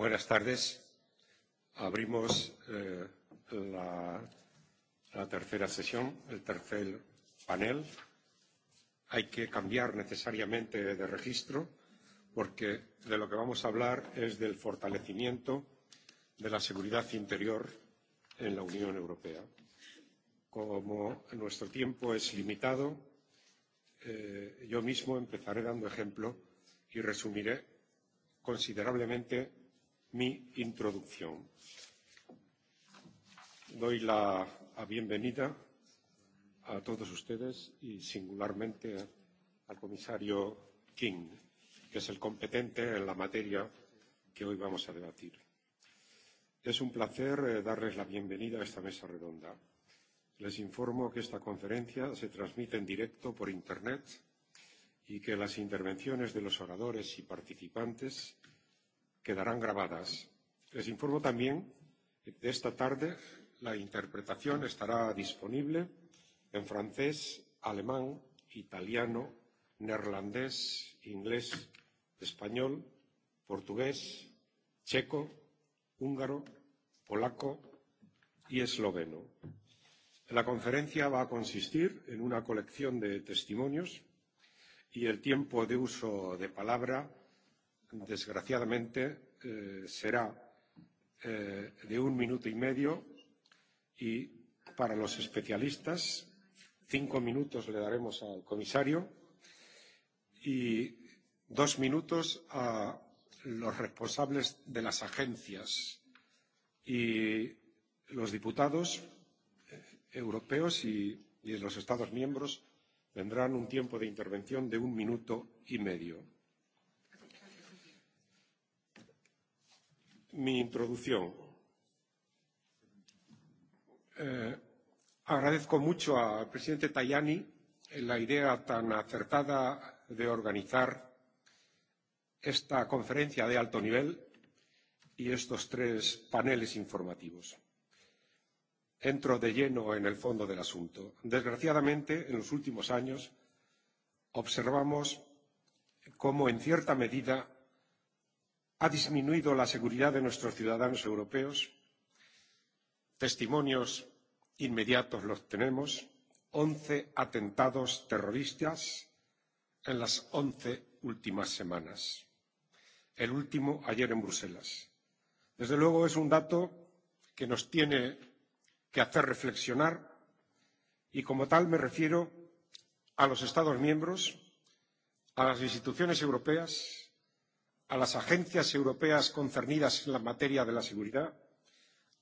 Buenas tardes. Abrimos eh, la, la tercera sesión, el tercer panel. Hay que cambiar necesariamente de registro porque de lo que vamos a hablar es del fortalecimiento de la seguridad interior en la Unión Europea. Como nuestro tiempo es limitado, eh, yo mismo empezaré dando ejemplo y resumiré considerablemente mi introducción. Doy la a bienvenida a todos ustedes y singularmente al comisario King, que es el competente en la materia que hoy vamos a debatir. Es un placer eh, darles la bienvenida a esta mesa redonda. Les informo que esta conferencia se transmite en directo por Internet y que las intervenciones de los oradores y participantes quedarán grabadas. Les informo también que de esta tarde la interpretación estará disponible en francés, alemán, italiano, neerlandés, inglés, español, portugués, checo, húngaro, polaco y esloveno. La conferencia va a consistir en una colección de testimonios y el tiempo de uso de palabra desgraciadamente, eh, será eh, de un minuto y medio y para los especialistas cinco minutos le daremos al comisario y dos minutos a los responsables de las agencias y los diputados eh, europeos y, y los Estados miembros tendrán un tiempo de intervención de un minuto y medio. mi introducción. Eh, agradezco mucho al presidente Tajani la idea tan acertada de organizar esta conferencia de alto nivel y estos tres paneles informativos. Entro de lleno en el fondo del asunto. Desgraciadamente, en los últimos años observamos cómo, en cierta medida, ha disminuido la seguridad de nuestros ciudadanos europeos. Testimonios inmediatos los tenemos. Once atentados terroristas en las once últimas semanas. El último ayer en Bruselas. Desde luego es un dato que nos tiene que hacer reflexionar y como tal me refiero a los Estados miembros, a las instituciones europeas a las agencias europeas concernidas en la materia de la seguridad,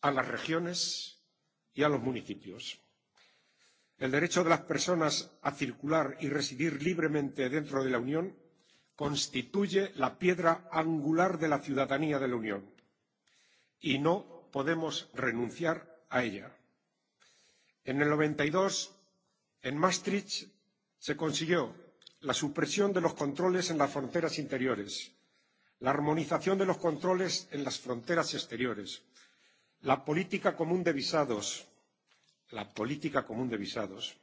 a las regiones y a los municipios. El derecho de las personas a circular y residir libremente dentro de la Unión constituye la piedra angular de la ciudadanía de la Unión y no podemos renunciar a ella. En el 92, en Maastricht, se consiguió la supresión de los controles en las fronteras interiores, la armonización de los controles en las fronteras exteriores, la política común de visados, la política común de visados,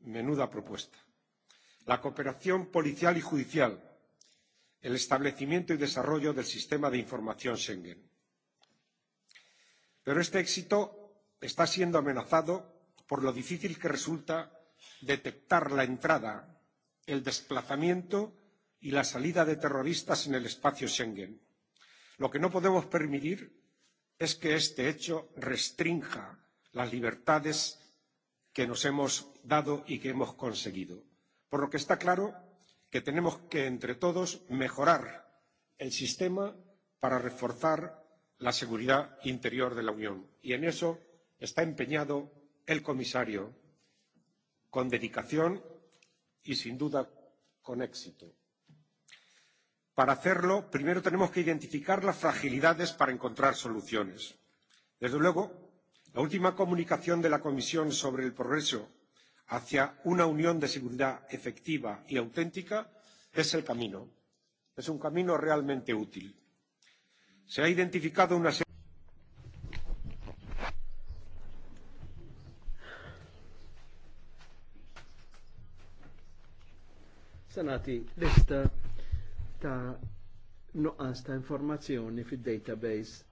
menuda propuesta, la cooperación policial y judicial, el establecimiento y desarrollo del sistema de información Schengen. Pero este éxito está siendo amenazado por lo difícil que resulta detectar la entrada, el desplazamiento y la salida de terroristas en el espacio Schengen. Lo que no podemos permitir es que este hecho restrinja las libertades que nos hemos dado y que hemos conseguido. Por lo que está claro que tenemos que, entre todos, mejorar el sistema para reforzar la seguridad interior de la Unión. Y en eso está empeñado el comisario, con dedicación y, sin duda, con éxito. Para hacerlo, primero tenemos que identificar las fragilidades para encontrar soluciones. Desde luego, la última comunicación de la Comisión sobre el progreso hacia una unión de seguridad efectiva y auténtica es el camino. Es un camino realmente útil. Se ha identificado una serie Senati, lista ta' nuqqas ta' informazzjoni fid-database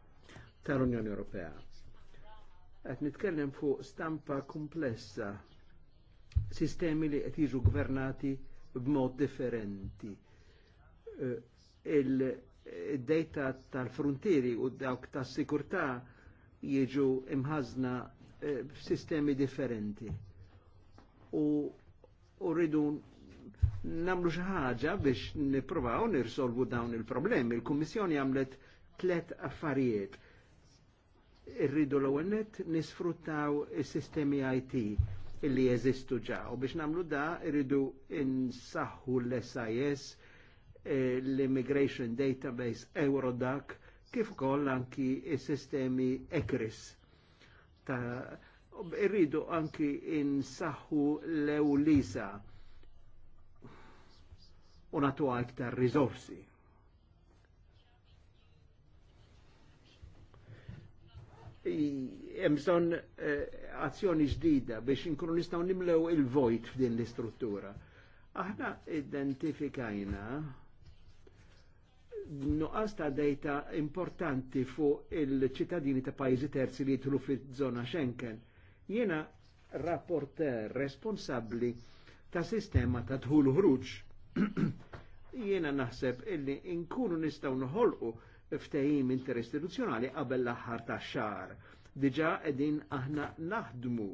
tal-Unjoni Ewropea. Qed nitkellem fuq stampa komplessa, sistemi li qed jiġu gvernati b'mod differenti. Eh, Il-data tal-frontieri u dawk tas-sikurtà jiġu imħazna eh, b'sistemi differenti. U rridu namlu xaħġa biex niprovaw nirsolvu dawn il-problemi. Il-Kummissjoni għamlet tlet affarijiet. Irridu l-għonet nisfruttaw il-sistemi IT illi jeżistu ġa u biex namlu da irridu insaħħu l-SIS, l-Immigration Database, Eurodac, kif koll anki il-sistemi ECRIS. Ta' irridu anki insaħħu l-EULISA u natu aktar rizorsi. Jemżon eh, azzjoni ġdida biex inkunu nistaw nimlew il-vojt f'din l-istruttura. Aħna identifikajna nuqqas ta' dejta importanti fuq il-ċittadini ta' pajjiżi terzi li jitlu fi zona Schengen. Jiena rapporter responsabbli ta' sistema ta' dħul ħruġ Jiena naħseb illi nkunu nistgħu nħolqu ftehim interistituzzjonali qabel l-aħħar ta' xar. Diġà qegħdin aħna naħdmu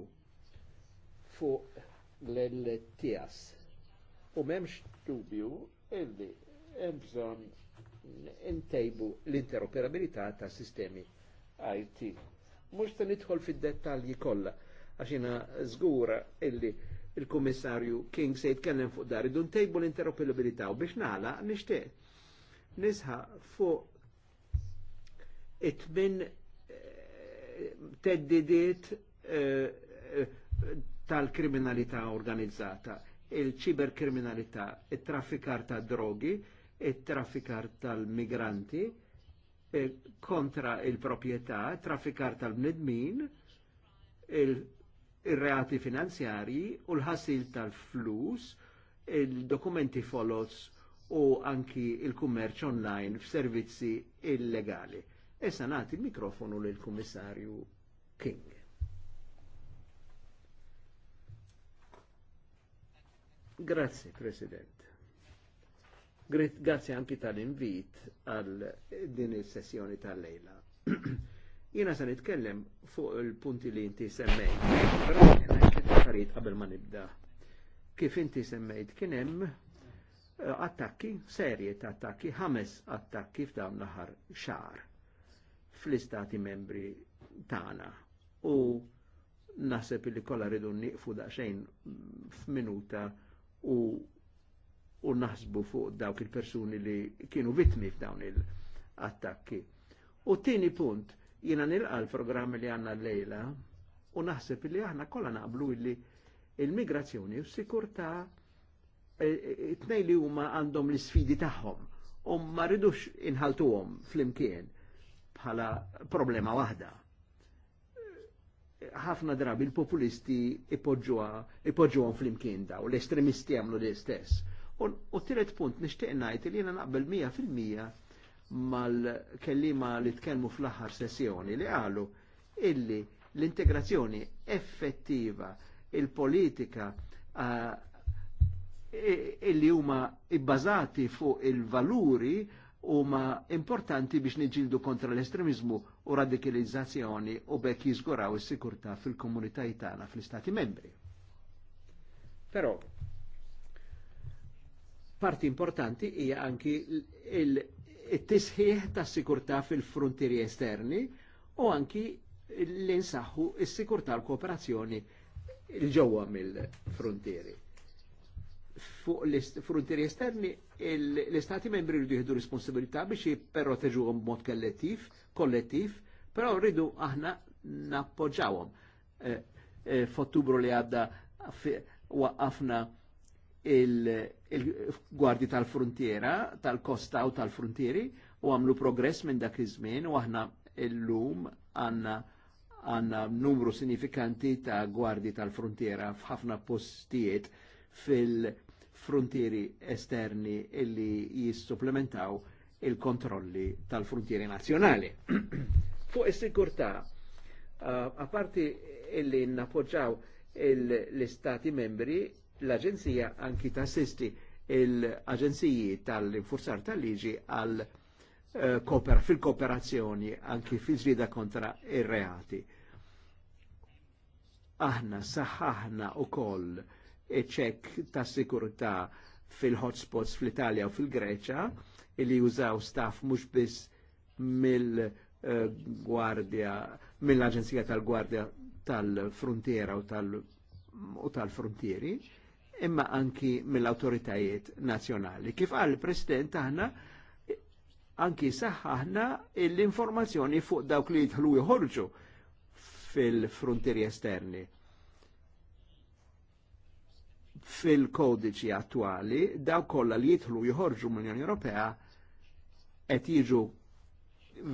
fuq l-tijas. U m'hemmx dubju illi hemm bżonn intejbu l-interoperabilità ta' sistemi IT. Mhux se nidħol fid-dettalji kollha għax jiena żgura illi il-Kummissarju King se jitkellem fuq dar idun tejbu l-interoperabilità u biex naħla nixtieq nisħa fuq it-tmin eh, teddidiet eh, tal-kriminalità organizzata, il-ċiberkriminalità, it-traffikar ta' drogi, it-traffikar tal-migranti, eh, kontra il-propietà, traffikar tal-bnedmin, il il reati finanzjari u l-ħassil tal-flus, il-dokumenti follows u anki il-kummerċ online f'servizzi illegali. Issa nagħti il-mikrofonu lil kummissarju King. Grazie President. Grazie anki tal-invit għal din is-sessjoni tal-lejla. Jiena se nitkellem fuq il-punti li inti semmejt. Però qabel ma nibda. Kif inti semmejt kien hemm eh, attakki, serje ta' attakki, ħames attakki f'dawn l-aħħar xar fl-istati membri tagħna. U naħseb li kollha ridu nieqfu daqsxejn f'minuta u u naħsbu fuq dawk il-persuni li kienu vittmi f'dawn il-attakki. U t tieni punt, Jina nilqa l program li għanna l-lejla u naħseb li aħna kollha naqblu li il-migrazzjoni u s-sikurta e, e, it-nej li huma għandhom l-sfidi tagħhom u ma ridux inħaltuhom fl-imkien bħala problema waħda. Ħafna drabi il-populisti ipoġġuhom fl-imkien u l-estremisti għamlu l-istess. U t-tiret punt nixtieq ngħid li jiena naqbel 100% mal-kellima li tkellmu fl-aħħar sessjoni li qalu illi l-integrazzjoni effettiva il-politika eh, illi huma ibbażati fuq il-valuri huma importanti biex niġildu kontra l-estremizmu u radikalizzazzjoni u bekk jiżguraw is-sikurtà fil komunità tagħna fl-Istati membri. Però parti importanti hija anki it-tisħiħ ta' sikurtà fil-frontieri esterni u anki l-insaħħu s-sikurtà l-kooperazzjoni l-ġewwa mill-frontieri. Fuq l-frontieri esterni l-istati membri rridu jieħdu responsabilità biex jipperroteġuhom b'mod kollettiv, kollettiv, però rridu aħna nappoġġawhom. Eh, eh, fottubru li għadda waqqafna il-gwardji il gwardi il tal tal-kosta u tal-frontieri u għamlu progress minn dak iż-żmien u aħna illum għanna għanna numru sinifikanti ta' Gwardi tal-frontiera f'ħafna postijiet fil-frontieri esterni illi jissupplementaw il-kontrolli tal-frontieri nazjonali. Fuq is-sikurtà, eh, a parti illi nappoġġaw l-istati membri, l-Aġenzija anki tassisti l-Aġenziji tal infursar tal-Liġi għal eh, fil-kooperazzjoni anki fil-ġrida kontra il reati Aħna saħħaħna u koll ċek ta' sikurta fil-hotspots fl-Italja u fil-Greċa li jużaw staff mux biss mill-gwardja, eh, mill-Aġenzija tal-Gwardja tal-Frontiera u tal-Frontieri. tal gwardja tal frontiera u tal frontieri imma anki mill-autoritajiet nazjonali. Kif għal president aħna anki saħħaħna l-informazzjoni fuq dawk li jidħlu jħorġu fil-frontieri esterni. Fil-kodiċi attuali, daw kollha li jidħlu jħorġu mill-Unjoni Ewropea qed jiġu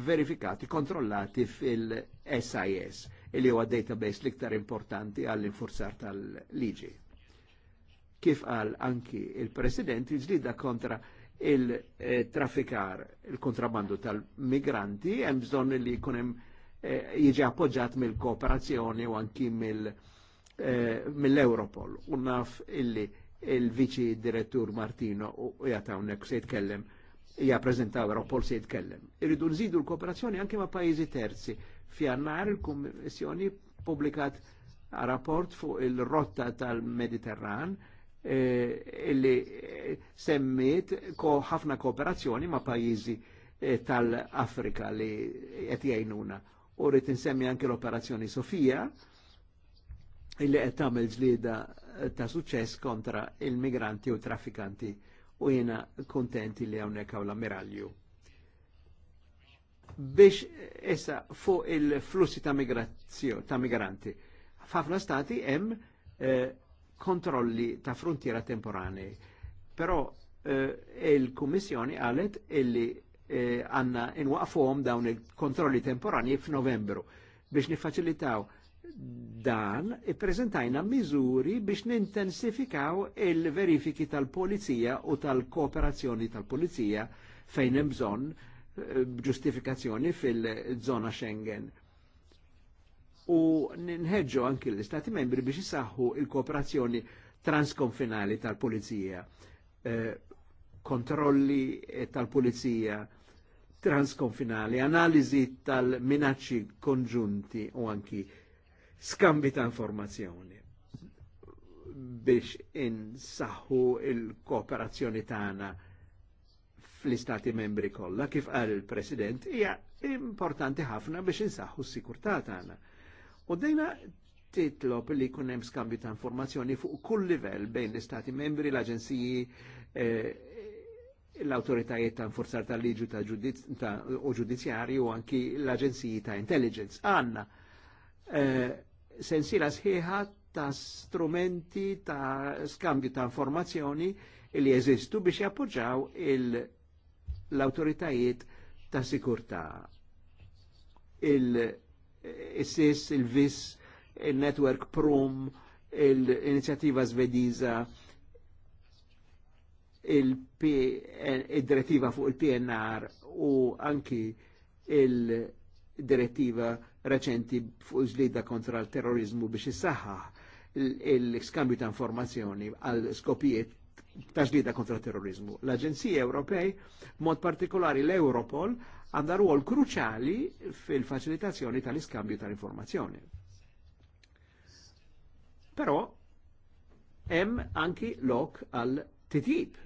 verifikati, kontrollati fil-SIS, il huwa database l-iktar importanti għall-infurzar tal-liġi kif qal anki il-President il kontra il-traffikar, il-kontrabandu tal-migranti, hemm bżonn li jkun hemm eh, jiġi appoġġat mill-kooperazzjoni u anki eh, mill-Europol. U naf illi il-Viċi Direttur Martino u jatawnek se jitkellem jappreżentaw Europol se jitkellem. Irridu nżidu l-kooperazzjoni anke ma' pajjiżi terzi. Fjannar il-Kummissjoni publikat rapport fuq il-rotta tal-Mediterran Eh, illi eh, semmit ko ħafna kooperazzjoni ma' pajjiżi eh, tal-Afrika li qed jgħinuna. U rrid insemmi anke l-operazzjoni Sofija illi qed tagħmel ġlieda ta' suċċess kontra il-migranti u traffikanti u jena kontenti li hawnhekk hawn l-ammiralju biex issa fuq il-flussi ta' migrazzjoni ta' migranti. F'ħafna stati hemm eh, kontrolli ta' frontiera temporanej. Però eh, il-Kummissjoni għalet illi eh, għanna eh, inwaqfuhom dawn il-kontrolli temporanei f'Novembru biex nifacilitaw dan ippreżentajna e miżuri biex nintensifikaw il-verifiki tal-polizija u tal-kooperazzjoni tal-polizija fejn hemm bżonn eh, ġustifikazzjoni fil-żona Schengen u nħedġu anki l-Istati membri biex jisaħħu il-kooperazzjoni transkonfinali tal-Pulizija, eh, kontrolli eh, tal-Pulizija transkonfinali, analizi tal-minacci konġunti u anki skambi ta' informazzjoni biex insaħħu il-kooperazzjoni tagħna fl-istati membri kollha kif qal il-President hija importanti ħafna biex insaħħu s-sikurtà tagħna. U dejna titlob li jkun hemm skambju ta' informazzjoni fuq kull livell bejn l-istati membri, l-aġenziji, eh, l-autoritajiet ta' forzar ta' liġu ta' u ġudizzjarju u anki l-aġenziji ta' intelligence. Għanna eh, sensila sħiħa ta' strumenti ta' skambju ta' informazzjoni li jeżistu biex jappoġġaw l-autoritajiet ta' sikurta' il- il-SIS, il-VIS, il-Network Prum, l iniziativa Svediza, il-direttiva fuq il-PNR u anki il-direttiva reċenti fuq ġlida kontra l-terrorizmu biex issaħħa l-skambju ta' informazzjoni għal skopijiet ta' ġlida kontra terrorizmu L-Aġenzija Ewropej, mod partikolari l-Europol, għanda ruol kruċali fil facilitazzjoni tal-iskambju tal-informazzjoni. Però hemm anki lok għal titjib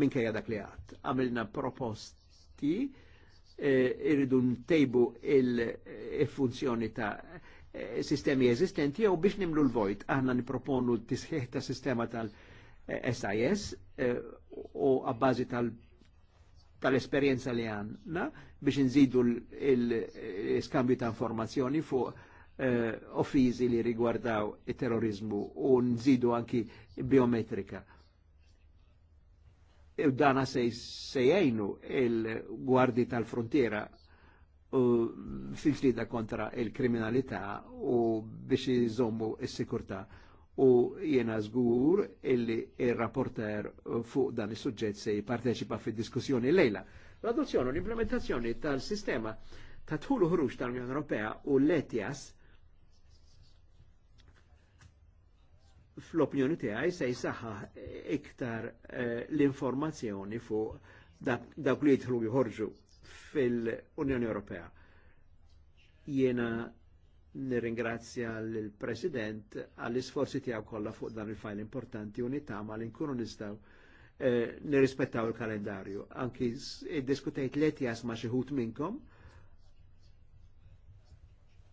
minkejja dak li għat. Għamilna proposti e, irridu ntejbu il-funzjoni e, ta' e, sistemi eżistenti jew biex nimlu l-vojt. Aħna niproponu t-tisħiħ ta' sistema tal-SIS u għabbażi tal- tal-esperienza li għanna biex nżidu l-skambju ta' informazzjoni fuq eh, offizi li rigwardaw il-terrorizmu u nżidu anki biometrika. U e dana sejjajnu il-gwardi tal-frontiera fil-ġlida kontra il-kriminalità u biex jizommu il-sikurta. il kriminalità u biex jizommu il sikurta il u jiena zgur illi il rapporter fuq dan is-suġġett se jparteċipa fid-diskussjoni lejla. L-adozzjoni u l-implementazzjoni tal-sistema ta' tħulu ħruġ tal-Unjoni Ewropea u l-ETIAS fl-opinjoni tiegħi se jsaħħa iktar eh, l-informazzjoni fuq dak li jidħlu jħorġu fil-Unjoni Ewropea. Jena nirringrazzja l-President għall-isforzi tijaw kolla fuq dan il-fajl importanti u nitama li nkunu nistgħu eh, nirrispettaw il-kalendarju. Anki diskutejt let jasma xi ħut minnkom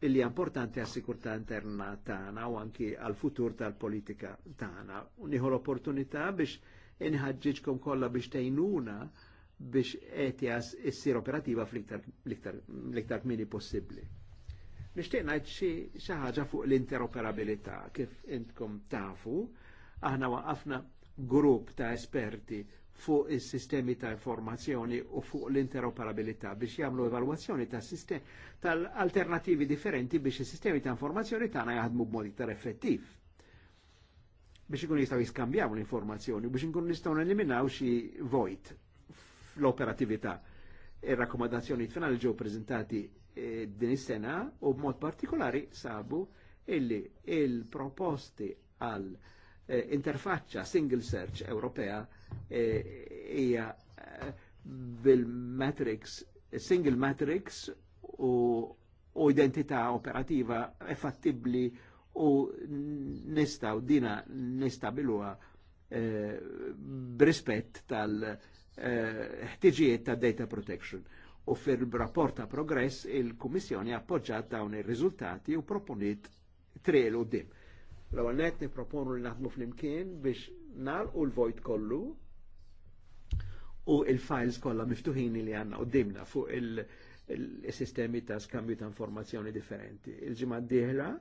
illi importanti għas sikurta interna tagħna u anki għal futur tal-politika tagħna. U nieħu l-opportunità biex inħadġiġkom kolla biex tejnuna biex ETIAS issir operativa fl-iktar kmini possibli. Nishtiq ngħid xi ħaġa fuq l-interoperabilità kif intkom tafu, aħna waqafna grupp ta' esperti fuq is-sistemi ta' informazzjoni u fuq l-interoperabilità biex jagħmlu evalwazzjoni ta' sistem tal-alternativi differenti biex is-sistemi ta' informazzjoni tagħna jaħdmu b'mod iktar effettiv. Biex ikun jistgħu jiskambjaw l-informazzjoni biex inkun nistgħu neliminaw xi vojt fl-operatività. Ir-rakkomandazzjoni finali ġew preżentati Eh, din is-sena u b'mod partikolari sabu illi il-proposti għal eh, interfaċċa single search Ewropea eh, hija bil-matrix single matrix u, u identità operativa effattibli u u dina bilua eh, b'rispett tal-ħtiġijiet eh, ta' data protection u fil-rapport ta' progress il-Kummissjoni appoġġat dawn ir-riżultati u proponit tre l qudiem. L-ewwel net nipproponu li naħdmu flimkien biex nagħlqu l-vojt kollu u il-files kollha miftuħin li għandna qudiemna fuq il-sistemi ta' skambju ta' informazzjoni differenti. Il-ġimgħa d-dieħla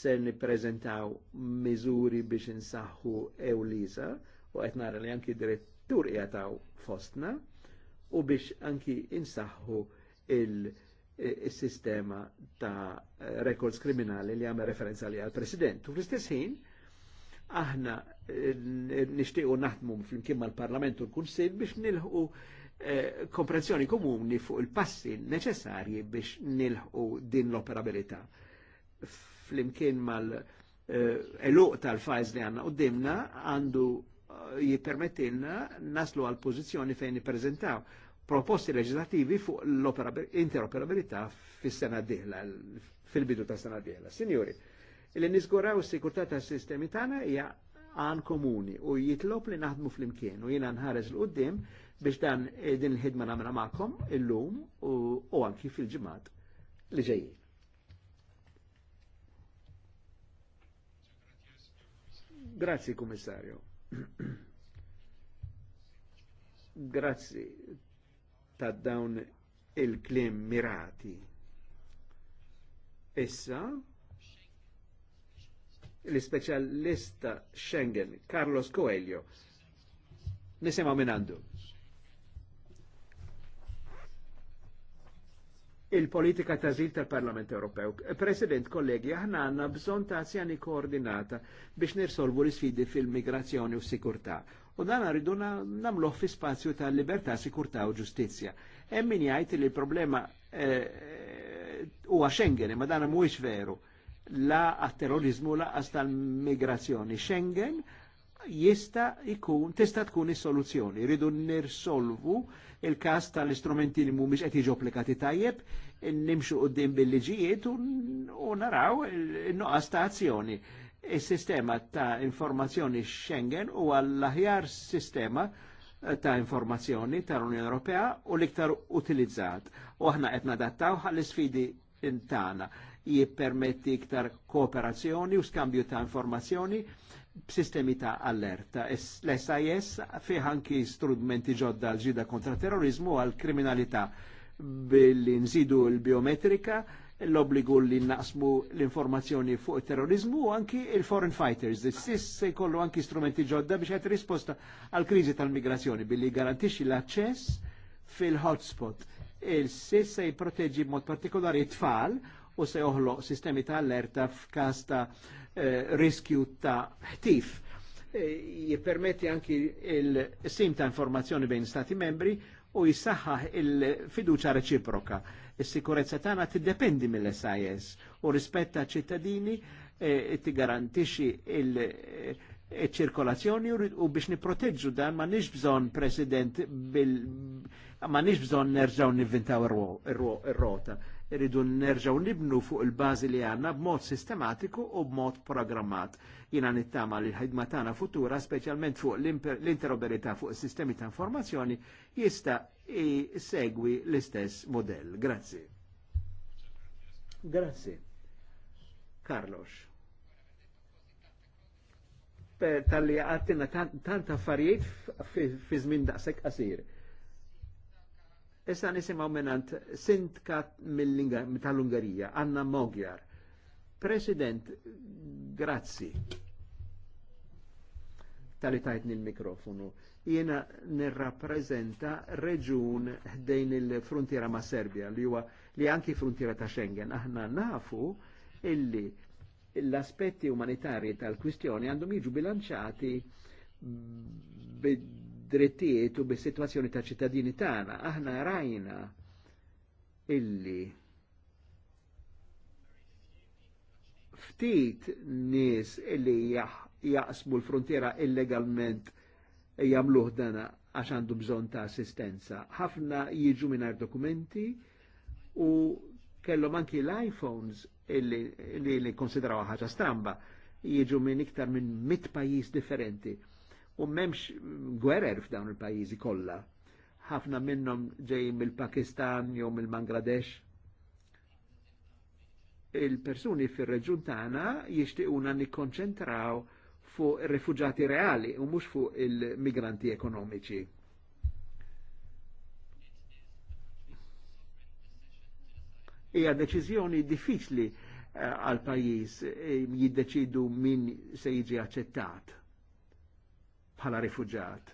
se nippreżentaw miżuri biex insaħħu Ewlisa u qed nara li anki direttur jataw fostna u biex anki insaħħu eh, il-sistema ta' records kriminali li għamla referenza li għal-President. U fl-istess ħin, aħna eh, nishtiqu naħdmu fl-imkien mal-Parlament u l-Kunsil biex nilħu eh, komprensjoni komuni fuq il-passi neċessarji biex nilħu din l-operabilità. Fl-imkien mal-eluq tal-fajz li għanna u dimna għandu jippermettilna naslu għal pożizzjoni fejn nippreżentaw proposti leġislativi fuq l-interoperabilità fis-sena d-dieħla, fil-bidu ta' sena d-dieħla. Signori, li nizguraw s-sikurtà ta' sistemi tagħna hija għan komuni u jitlob li naħdmu fl-imkien u jiena nħares l-qoddim biex dan eh, din il-ħidma namra il illum u anki fil ġimat li ġejjin. Grazie, commissario. Grazzi ta' dawn il-klim mirati. Issa, l-specialista Schengen, Carlos Coelho, nisema minandu. il-politika ta' zil tal-Parlament Ewropew. Eh, President, kollegi, aħna għanna bżon ta' azzjani koordinata biex nirsolvu l-sfidi fil-migrazzjoni u sikurtà. U dan rridu namluħ fi spazju ta' libertà, sikurtà u ġustizja. Emmin jgħid li l-problema eh, huwa Schengen, ma dan mhuwiex veru la għat-terrorizmu la għas tal-migrazzjoni. Schengen jista ikun, tista tkun is-soluzzjoni. Rridu nirsolvu il-kas tal-istrumenti li mhumiex qed jiġu applikati tajjeb, nimxu qudiem bil-liġijiet u naraw il-nuqqas ta' azzjoni. Is-sistema ta' informazzjoni Schengen u għall-aħjar sistema eh, ta' informazzjoni tal-Unjoni Ewropea u l-iktar utilizzat. U aħna qed nadattaw għall-isfidi intana jippermetti iktar kooperazzjoni u skambju ta' informazzjoni sistemi ta' allerta. L-SIS fih anki strumenti ġodda l ġida kontra terrorizmu għal kriminalità billi nżidu l-biometrika, l-obbligu li naqsmu l-informazzjoni fuq terrorizmu u anki il-foreign fighters. Sis se jkollu anki strumenti ġodda biex għet risposta għal kriżi tal-migrazzjoni billi garantixi l-access fil-hotspot. Il-sis se jiproteġi mod partikolari t-tfal u se joħloq sistemi ta' allerta f'kas ta' Eh, riskju ta' ħtif. Eh, jippermetti anki il-sim ta' informazzjoni bejn stati membri u jisaħħaħ il-fiduċa reċiproka. Is-sikurezza tagħna tiddependi mill-SIS u rispetta ċittadini eh, ti garantixi il- ċirkolazzjoni u biex niproteġġu dan ma nix bżon president bil ma nix bżon nerġaw nivvintaw ir-rota. Irridu nerġaw nibnu fuq il bazi li għanna b'mod sistematiku u b'mod programmat. Jina nittama li l-ħidma tagħna futura, speċjalment fuq l-interoperità fuq is-sistemi ta' informazzjoni, jista' segwi l-istess modell. Grazzi. Grazzi. Carlos tal-li għattina tant affarijiet fi żmien daqshekk qasir. Issa nisimgħu minant sindka tal-Ungarija, Anna Mogjar. President, grazzi tal-li tajtni l-mikrofonu. Jena nirrapprezenta reġun ħdejn il-frontiera ma' Serbia li huwa li anki frontiera ta' Schengen. Aħna nafu illi l-aspetti umanitarji tal-kwistjoni għandhom jiġu bilanċati bid-drittijiet u bis-sitwazzjoni ta' ċittadini tagħna. Aħna rajna illi ftit nies illi jaqsmu l-frontiera illegalment jagħmluh dana għax għandu bżonn ta' assistenza. Ħafna jiġu mingħajr dokumenti u kellhom anki l-iPhones li li konsidraw ħaġa stramba jiġu minn iktar minn mit pajjiż differenti. U memx gwerer f'dawn il-pajjiżi kollha. Ħafna minnhom ġejjin mill-Pakistan jew mill-Bangladesh. Il-persuni fir-reġjun tagħna jixtiequna nikkonċentraw fuq ir-rifuġati reali u mhux fuq il-migranti ekonomiċi Hija deċiżjoni diffiċli eh, għal pajjiż eh, jiddeċidu min se jiġi aċċettat bħala rifuġat.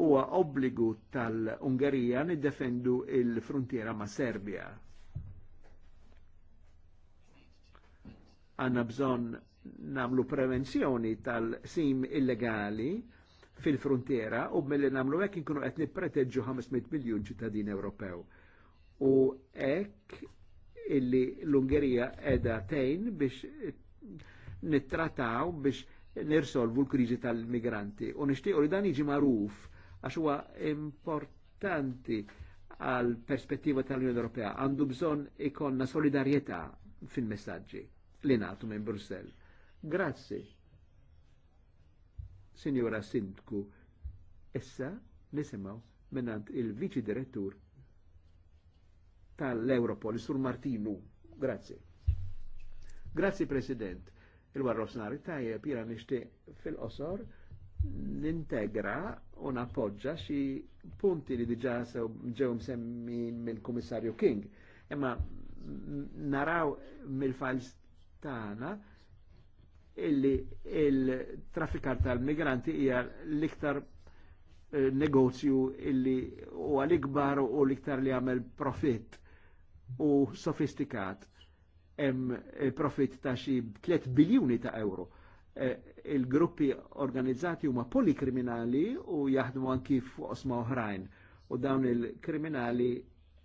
Huwa obbligu tal-Ungerija niddefendu il-frontiera ma' Serbia. Għanna bżon namlu prevenzjoni tal-sim illegali fil-frontiera u mill-li namlu għek nkunu għet nipreteġu 500 miljon ċittadin Ewropew u ek illi l-Ungerija edha tejn biex nittrataw biex nirsolvu l kriżi tal-migranti. U nishtiqo li dan iġi maruf għax huwa importanti għal perspettiva tal-Unjoni Ewropea għandu bżonn ikonna solidarjetà fil-messaġġi li nagħtu minn Brussell. Grazzi. Signora Sindku, essa nisimgħu minnant il-Viċi Direttur tal-Europol, Sur Martinu. Grazie. Grazie, President. il war Rosnari tajja pira nishti fil osor nintegra u nappoġġa xi punti li diġa ġew semmin mill-Kummissarju King. Imma naraw mill-files tagħna illi il-traffikar tal-migranti hija l-iktar eh, negozju illi huwa l-ikbar u l-iktar li għamel profitt u sofistikat hemm eh, profit ta' xi 3 biljuni ta' euro. Eh, il-gruppi organizzati huma polikriminali u jaħdmu anki f'osma oħrajn u dawn il-kriminali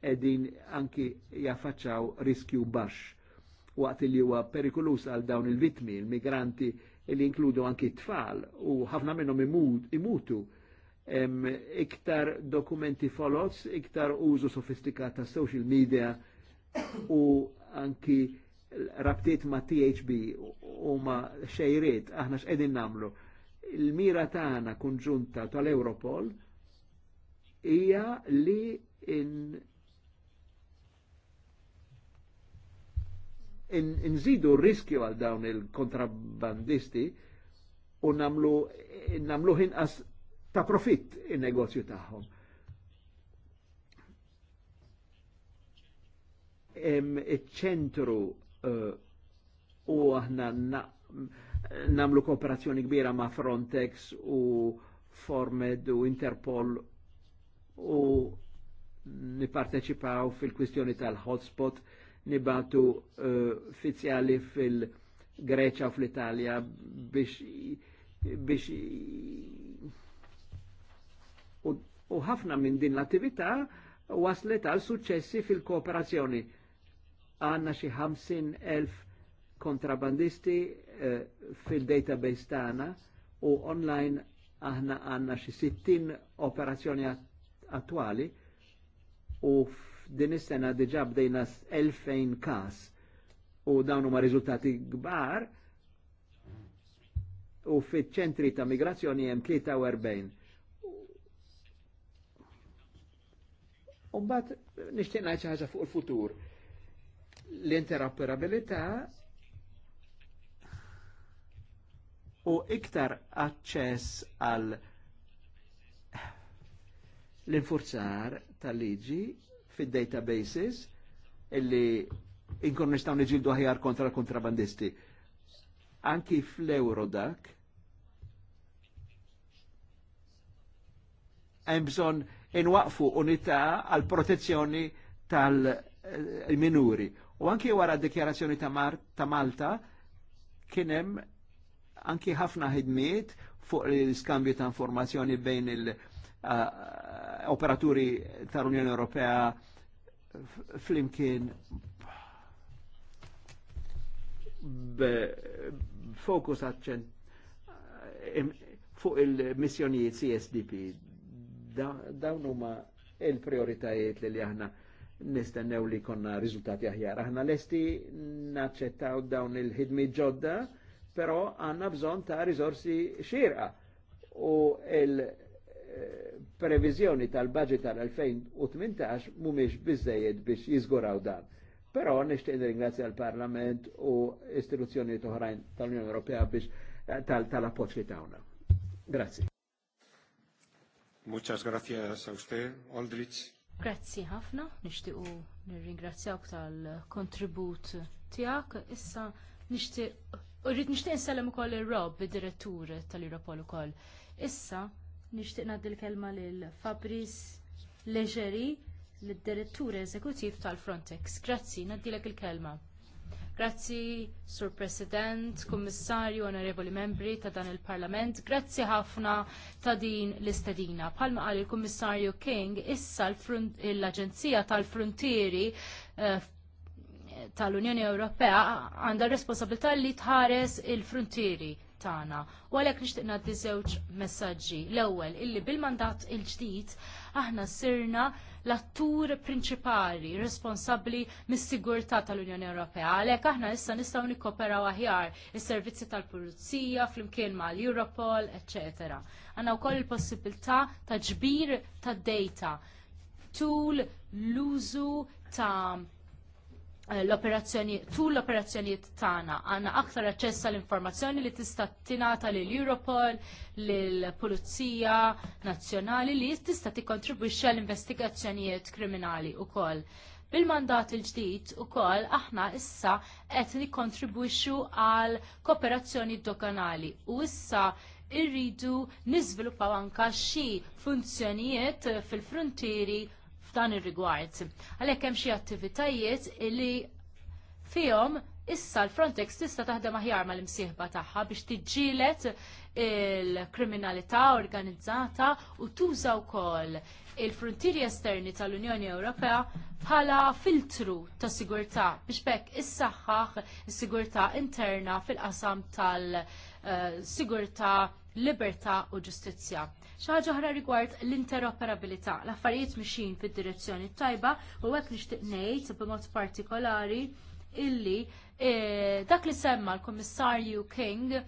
edin anki jaffaċċaw riskju baxx waqt li huwa perikolus għal dawn il-vitmi, il-migranti li inkludu anki tfal u ħafna minnhom imutu iktar dokumenti folots, iktar użu sofistikat ta' social media u anki rabtiet ma' THB u ma' xejriet, aħna x'qegħdin namlu. Il-mira tagħna kunġunta tal-Europol hija li in nżidu riskju għal dawn il-kontrabbandisti u namlu namlu inqas ta' profitt in-negozju tagħhom ċentru eh, u aħna namlu kooperazzjoni kbira ma' Frontex u Formed u Interpol u niparteċipaw fil-kwistjoni tal-hotspot nibatu uh, eh, fizzjali fil-Greċa u fl-Italja biex biex u ħafna minn din l-attività waslet għal successi fil-kooperazzjoni għanna xi elf kontrabandisti eh, fil-database tagħna u online aħna għanna xi sittin operazzjoni attwali u din is-sena diġà bdejna 2000 każ u dawn huma riżultati kbar u fiċ-ċentri ta' migrazzjoni hemm 43. Umbat nixtieq ngħid xi ħaġa fuq il-futur l-interoperabilità u iktar aċċess għal l-infurzar tal-liġi fil databases illi inkon nistaw niġildu ħjar kontra kontrabandisti. Anki fl eurodak hemm bżonn inwaqfu unità għal protezzjoni tal-minuri U anki wara d-dikjarazzjoni ta, mar, ta Malta kienem anki ħafna ħidmiet fuq l-skambju ta' informazzjoni bejn l uh, operaturi tal-Unjoni Ewropea flimkien fokus uh, fuq il-missjonijiet CSDP. Dawn da huma il-prioritajiet li, li aħna nistennew li konna rizultati aħjar. Aħna lesti naċċettaw dawn il-ħidmi ġodda, però għanna bżon ta' rizorsi xirqa u il-previżjoni eh, tal-budget tal-2018 mumiex bizzejed biex jizguraw dan. Però nishtiq ringrazzja l-Parlament u istituzzjoni oħrajn tal-Unjoni Ewropea biex eh, tal-appoġġ li tawna. Grazie. Muchas gracias a usted, Aldrich. Grazzi ħafna, nixtiequ nirringrazzjawk tal-kontribut tiegħek. Issa nixtieq rrid nixtieq insellem ukoll ir-Rob, id-direttur tal-Europol ukoll. Issa nixtieq ngħaddi l-kelma lil Fabrice Legeri, l-direttur eżekutiv tal-Frontex. Grazzi, ngħaddilek il-kelma. Grazzi, Sur President, Kummissarju, Onorevoli Membri ta' dan il-Parlament, grazzi ħafna ta' din l-istedina. Palma għal il-Kummissarju King, issa l-Aġenzija tal-Frontieri eh, tal-Unjoni Ewropea għandha responsabilità li tħares il-frontieri tagħna. U għalhekk nixtieq ngħaddi żewġ messaġġi. L-ewwel illi bil-mandat il-ġdid aħna sirna l-attur prinċipali responsabbli mis-sigurtà tal-Unjoni Ewropea. Għalhekk aħna issa nistgħu nikkoperaw aħjar is-servizzi tal-Pulizija flimkien mal-Europol, etc. Għandna wkoll il-possibilità ta' ġbir tad data tul l-użu ta' l-operazzjoni tul l-operazzjonijiet tagħna għandna aktar aċċess għall informazzjoni li tista' tingħata lill Europol, lill Pulizija Nazzjonali li tista' tikkontribwixxi għall investigazzjonijiet kriminali wkoll. Bil-mandat il-ġdid ukoll aħna issa qed nikkontribwixxu għal kooperazzjoni doganali u issa irridu niżviluppaw anka xi funzjonijiet fil-frontieri f'dan ir-rigward. Għalhekk hemm xi attivitajiet li fihom issa l-Frontex tista' taħdem aħjar mal-imsieħba tagħha biex tiġġielet il-kriminalità organizzata u tuża wkoll il-frontieri esterni tal-Unjoni Ewropea bħala filtru ta' sigurtà biex bekk issaħħaħ is-sigurtà interna fil-qasam tal-sigurtà, eh, libertà u ġustizzja ħaġa rigward l-interoperabilità. L-affarijiet mixin fid-direzzjoni tajba u għek nixtieq ngħid b'mod partikolari illi e, dak li semma l-Kummissarju King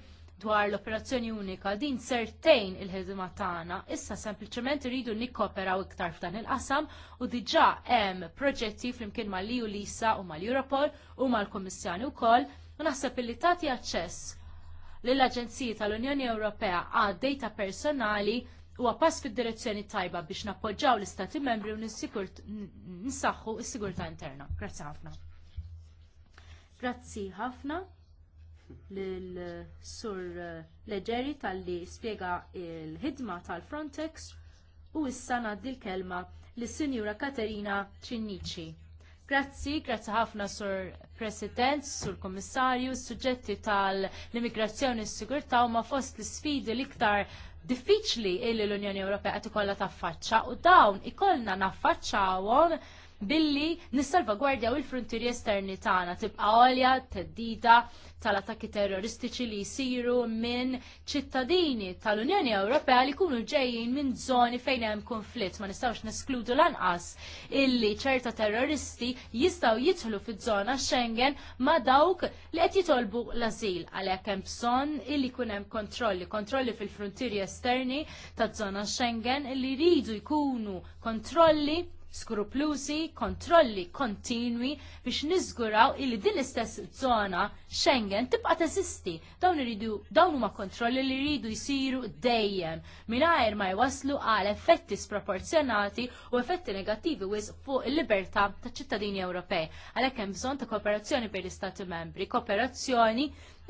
dwar l-operazzjoni unika din sertejn il-ħidma tagħna. Issa sempliċement iridu nikkoperaw iktar f'dan il-qasam u diġà hemm proġetti flimkien mal-EU Lisa u mal-Europol u mal-Kummissjoni wkoll u naħseb illi tagħti aċċess lill aġenziji tal-Unjoni Ewropea għad data personali U pass fil direzzjoni tajba biex nappoġġaw l-Istati membri u nsaħħu s-sigurtà interna. Grazzi ħafna. Grazzi ħafna l sur Leġeri talli spjega l ħidma tal-Frontex u issa ngħaddi l-kelma lis sinjura Katerina Cinnici. Grazzi, grazzi ħafna sur President, sur Kommissarju, s-suġġetti tal-immigrazzjoni s-sigurta u ma fost l-sfidi l-iktar diffiċli illi l-Unjoni Ewropea qed ikollha taffaċċa u dawn ikollna naffaċċawhom billi u l frontieri esterni tagħna tibqa' għolja teddida tal-attakki terroristiċi li jsiru minn ċittadini tal-Unjoni Ewropea li jkunu ġejjin minn żoni fejn hemm konflitt. Ma nistgħux neskludu lanqas illi ċerta terroristi jistgħu jidħlu fiż-żona Schengen ma' dawk li qed jitolbu l-ażil għalhekk hemm bżonn illi jkun hemm kontrolli, kontrolli fil-frontieri esterni taż-żona Schengen li jridu jkunu kontrolli skruplużi, kontrolli kontinwi biex niżguraw illi din l-istess zona Schengen tibqa' teżisti. Dawn iridu dawn huma kontrolli li jridu jsiru dejjem mingħajr ma jwaslu għal effetti sproporzjonati u effetti negattivi wisq fuq il-libertà taċ-ċittadini Ewropej. Għalhekk hemm bżonn ta' kooperazzjoni bejn l-Istati membri, kooperazzjoni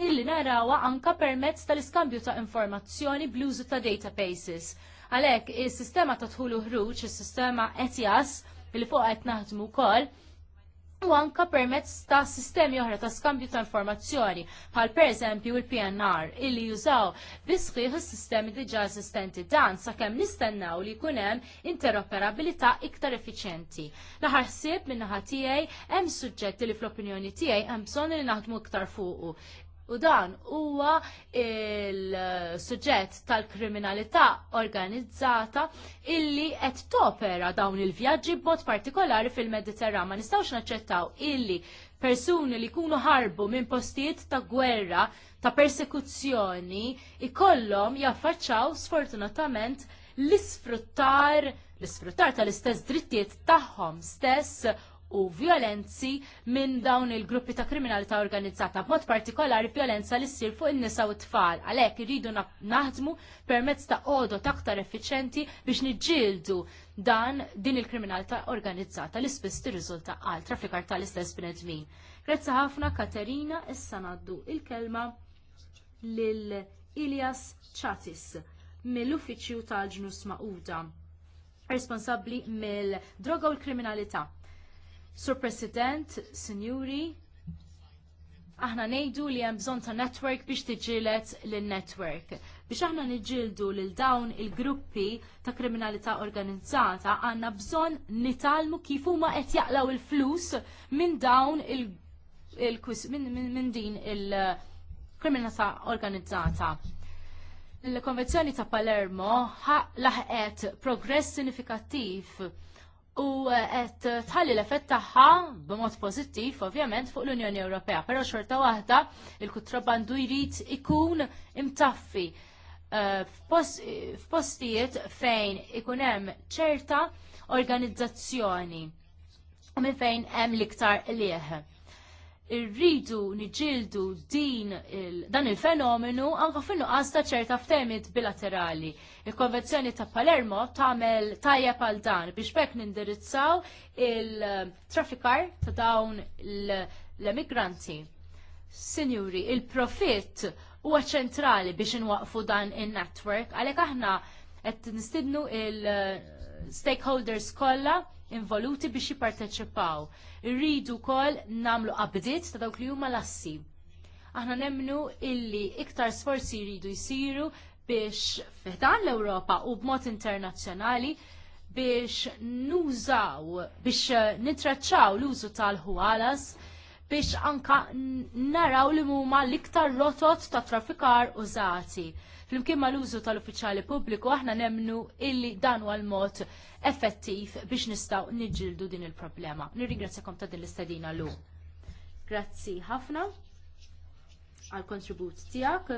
illi narawha anka permezz tal-iskambju ta' informazzjoni bl-użu ta' databases Għalhekk is-sistema ta' tħulu ħruċ, ħruġ, is-sistema ETIAS li fuq qed naħdmu wkoll, u anka permezz ta' sistemi oħra ta' skambju ta' informazzjoni, bħal pereżempju il-PNR, illi jużaw bisħiħ is-sistemi diġà esistenti dan sakemm nistennaw li jkun hemm interoperabilità iktar effiċjenti. L-aħħar ħsieb min-naħa tiegħi hemm suġġetti li fl-opinjoni tiegħi hemm bżonn li naħdmu iktar fuqu. U dan huwa il-suġġett tal-kriminalità organizzata illi qed topera dawn il-vjaġġi b'mod partikolari fil-Mediterran. Ma nistgħux naċċettaw illi persuni li kunu ħarbu minn postijiet ta' gwerra, ta' persekuzzjoni, ikollhom jaffaċċaw sfortunatament l-isfruttar l-isfruttar tal-istess drittijiet tagħhom stess u violenzi minn dawn il-gruppi ta' kriminalità organizzata, b'mod partikolari violenza li ssir fuq in-nisa u t-tfal. Għalhekk irridu naħdmu permezz ta' għodot aktar effiċenti biex niġġieldu dan din il-kriminalità organizzata li spiss tirriżulta għal traffikar tal-istess bnedmin. Grazzi ħafna Katerina, issa ngħaddu il-kelma lil Ilias Chatis mill-uffiċċju tal-ġnus Mauda responsabbli mill-droga u l-kriminalità Sur President, Sinjuri, aħna nejdu li hemm bżonn ta' network biex tiġilet lin-network. Biex aħna niġildu lil dawn il-gruppi ta' kriminalità organizzata għandna bżonn nitalmu kif huma qed jaqlaw il-flus minn dawn il, minn din il-kriminalità organizzata. Il-Konvenzjoni ta' Palermo laħqet progress sinifikattiv u eh, qed tħalli l-effett tagħha b'mod pożittiv ovvjament fuq l-Unjoni Ewropea, però xorta waħda il-kutrabandu jrid ikun imtaffi eh, f'postijiet fejn ikun hemm ċerta organizzazzjoni u minn fejn hemm l-iktar lieħ irridu niġildu din il, dan il-fenomenu anka finnu ta' ċerta f'temit bilaterali. Il-Konvenzjoni ta' Palermo tagħmel tajjeb għal dan biex bekk nindirizzaw il-traffikar ta' dawn l-emigranti. Sinjuri, il-profit huwa ċentrali biex inwaqfu dan in-network għalhekk aħna qed nistidnu il-stakeholders kollha involuti biex jipparteċipaw. Irridu wkoll nagħmlu qabdiet ta' dawk li huma lassi. Aħna nemmnu illi iktar sforzi jridu jsiru biex fiħdan l-Ewropa u b'mod internazzjonali biex nużaw, biex nitraċċaw l-użu tal-ħualas biex anka naraw li huma l-iktar rotot ta' traffikar użati Flimkien mal-użu tal-uffiċjali pubbliku aħna nemnu illi dan huwa l-mod effettiv biex nistgħu niġġieldu din il-problema. Nirringrazzjakom ta' din l-istadina l Grazzi ħafna għal kontribut tiegħek.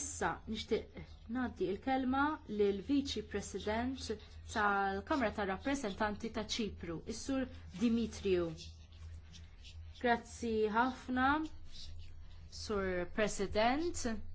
Issa nixtieq ngħaddi l kelma lil viċi President tal-Kamra tar-Rappreżentanti ta' Ċipru, is-Sur Dimitriu. Grazzi ħafna, Sur President.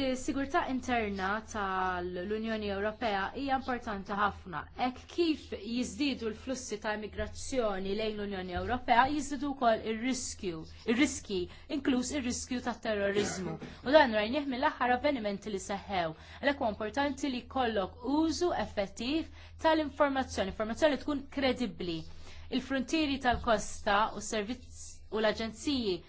Is-sigurtà interna tal-Unjoni Ewropea hija importanti ħafna. Hekk kif jiżdiedu l-flussi ta' immigrazzjoni lejn l-Unjoni Ewropea, jizdidu wkoll ir-riskju, ir-riski, inkluż ir-riskju tat terrorizmu. U dan rajnieh mill-aħħar avvenimenti li seħħew. Għalhekk huwa importanti li jkollok użu effettiv tal-informazzjoni, informazzjoni li tkun kredibbli. Il-frontieri tal-kosta u servizz u l-aġenziji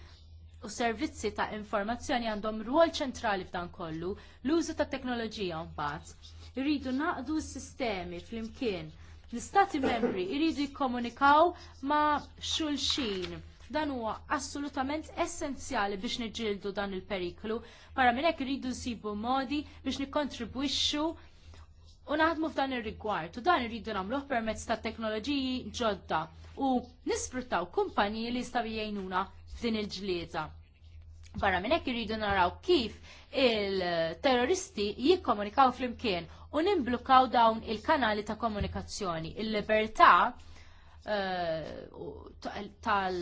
u servizzi ta' informazzjoni għandhom rwol ċentrali f'dan kollu l-użu ta' teknoloġija mbagħad. Irridu naqdu s-sistemi flimkien. L-istati membri jridu jikkomunikaw ma' xulxin. Dan huwa assolutament essenzjali biex niġildu dan il-periklu. Para minn hekk iridu nsibu modi biex nikkontribwixxu u naħdmu f'dan ir-rigward u dan irridu nagħmluh permezz ta' teknoloġiji ġodda u nisfruttaw kumpaniji li jistgħu jgħinuna f'din il-ġlieta. Barra minn hekk irridu naraw kif il-terroristi jikkomunikaw flimkien u nimblukaw dawn il-kanali ta' komunikazzjoni. Il-libertà eh, tal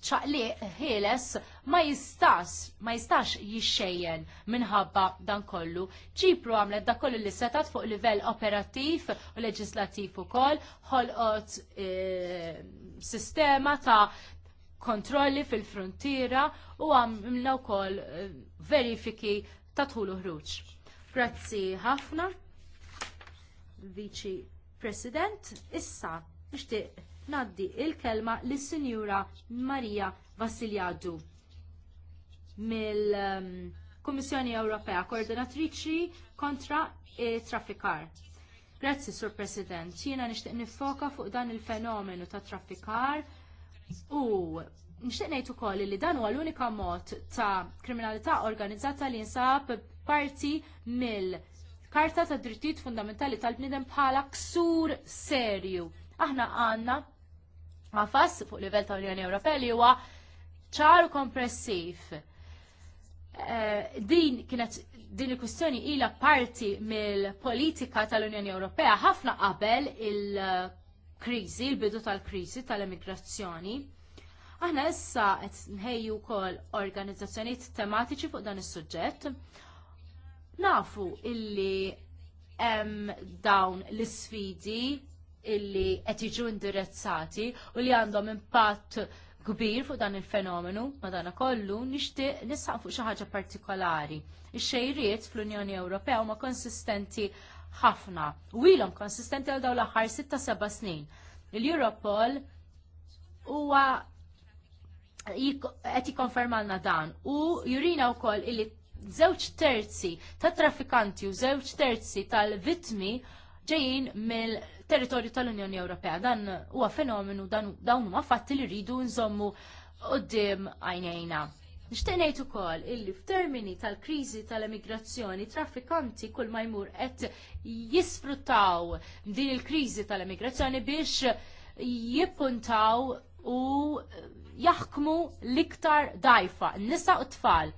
ċaqli ħieles ma jistax, ma jistax jixxejjen minħabba dan kollu. ċipru għamlet da kollu li setat fuq livell operattiv u leġislativ u koll, ħolqot eh, sistema ta' kontrolli fil-frontiera u għamlu wkoll eh, verifiki ta' tħul uħruċ. ħruġ. Grazzi ħafna, Viċi President, issa nixtieq naddi il-kelma lis sinjura Marija Vassiliadu mill-Kummissjoni ehm, Ewropea Koordinatriċi kontra traffikar. Grazzi, Sur President. Jiena nixtieq nifoka fuq dan il-fenomenu ta' traffikar U nixtieq ngħid ukoll li dan huwa l-unika mod ta' kriminalità organizzata li nsab parti mill-Karta ta' Drittijiet Fundamentali tal-Bniedem bħala ksur serju. Aħna għandna għafas fuq livell ta' Unjoni Ewropea li huwa ċar kompressiv. Eh, din kienet din il-kwistjoni ila parti mill-politika tal-Unjoni Ewropea ħafna qabel il- kriżi, il-bidu tal-kriżi tal-immigrazzjoni. Aħna issa qed nħejju wkoll organizzazzjonijiet tematiċi fuq dan is-suġġett. Nafu illi hemm dawn l-isfidi illi qed jiġu indirizzati u li għandhom impatt kbir fuq dan il-fenomenu madana kollu nixtieq nisaq fuq xi ħaġa partikolari. Ix-xejriet fl-Unjoni Ewropea huma konsistenti ħafna u ilhom konsistenti għal dawn l-aħħar 6-7 snin. Il-Europol huwa qed jikkonfermalna dan u jurina wkoll illi żewġ terzi tat traffikanti u żewġ terzi tal-vittmi ġejjin mill-territorju tal-Unjoni Ewropea. Dan huwa fenomenu, dawn huma fatti li rridu nżommu qudiem għajnejna. Nixtieq ngħid ukoll illi f'termini tal-kriżi tal emigrazzjoni traffikanti kull ma jmur qed jisfruttaw din il-kriżi tal-immigrazzjoni biex jippuntaw u jaħkmu l-iktar dajfa, nisa u tfal.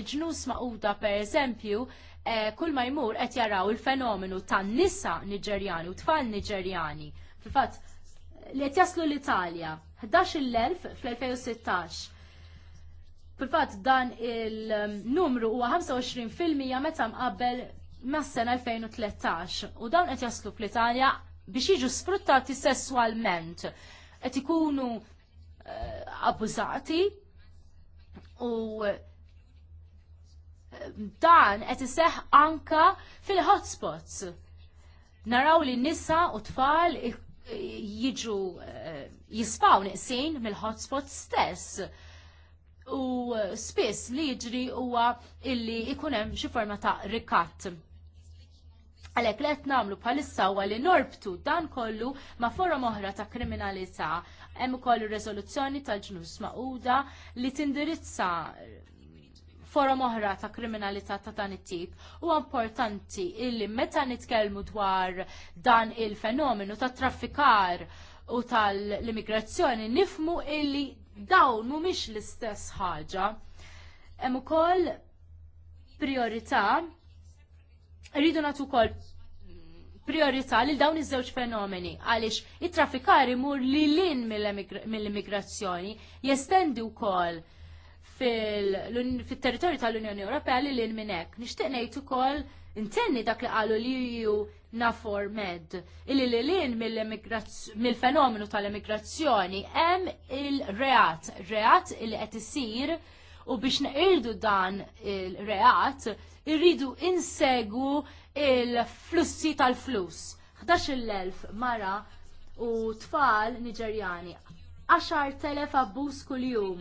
Il-ġnus maquda per eżempju, eh, kull ma jmur qed jaraw il-fenomenu ta' nisa Niġerjani u tfal Niġerjani. Fil-fatt, li qed jaslu l-Italja, 11.000 fl-2016 fil fat dan il-numru huwa 25% meta mqabbel mas-sena 2013 u dawn qed jaslu fl-Italja biex jiġu sfruttati sessualment, qed ikunu uh, abbużati u eh, dan qed iseħħ anka fil-hotspots. Naraw li nisa u tfal jiġu uh, eh, jisfaw niqsin mill-hotspots stess u uh, spiss li jiġri huwa illi ikun hemm xi forma ta' rikatt. Għalhekk li qed nagħmlu bħalissa huwa li norbtu dan kollu ma' forom oħra ta' kriminalità. Hemm ukoll ir ta' tal-ġnus maquda li tindirizza forum oħra ta' kriminalità ta' dan it-tip. U importanti illi meta nitkellmu dwar dan il-fenomenu ta' traffikar u tal-immigrazzjoni nifmu illi dawn mhumiex l-istess ħaġa. Hemm ukoll priorità rridu nagħtu wkoll priorità lil dawn iż-żewġ fenomeni għaliex it traffikari mur li lin mill-immigrazzjoni jestendi wkoll fil-territorju tal-Unjoni Ewropea li lin minn hekk. Nixtieq ngħid ukoll intenni dak li qalu li ju nafor med. Il-lilin mill-fenomenu tal-emigrazzjoni hemm il-reat, reat il qed isir u biex neqirdu dan il-reat irridu insegu il-flussi tal-flus. 11.000 mara u tfal Niġerjani, 10.000 abbuż kuljum,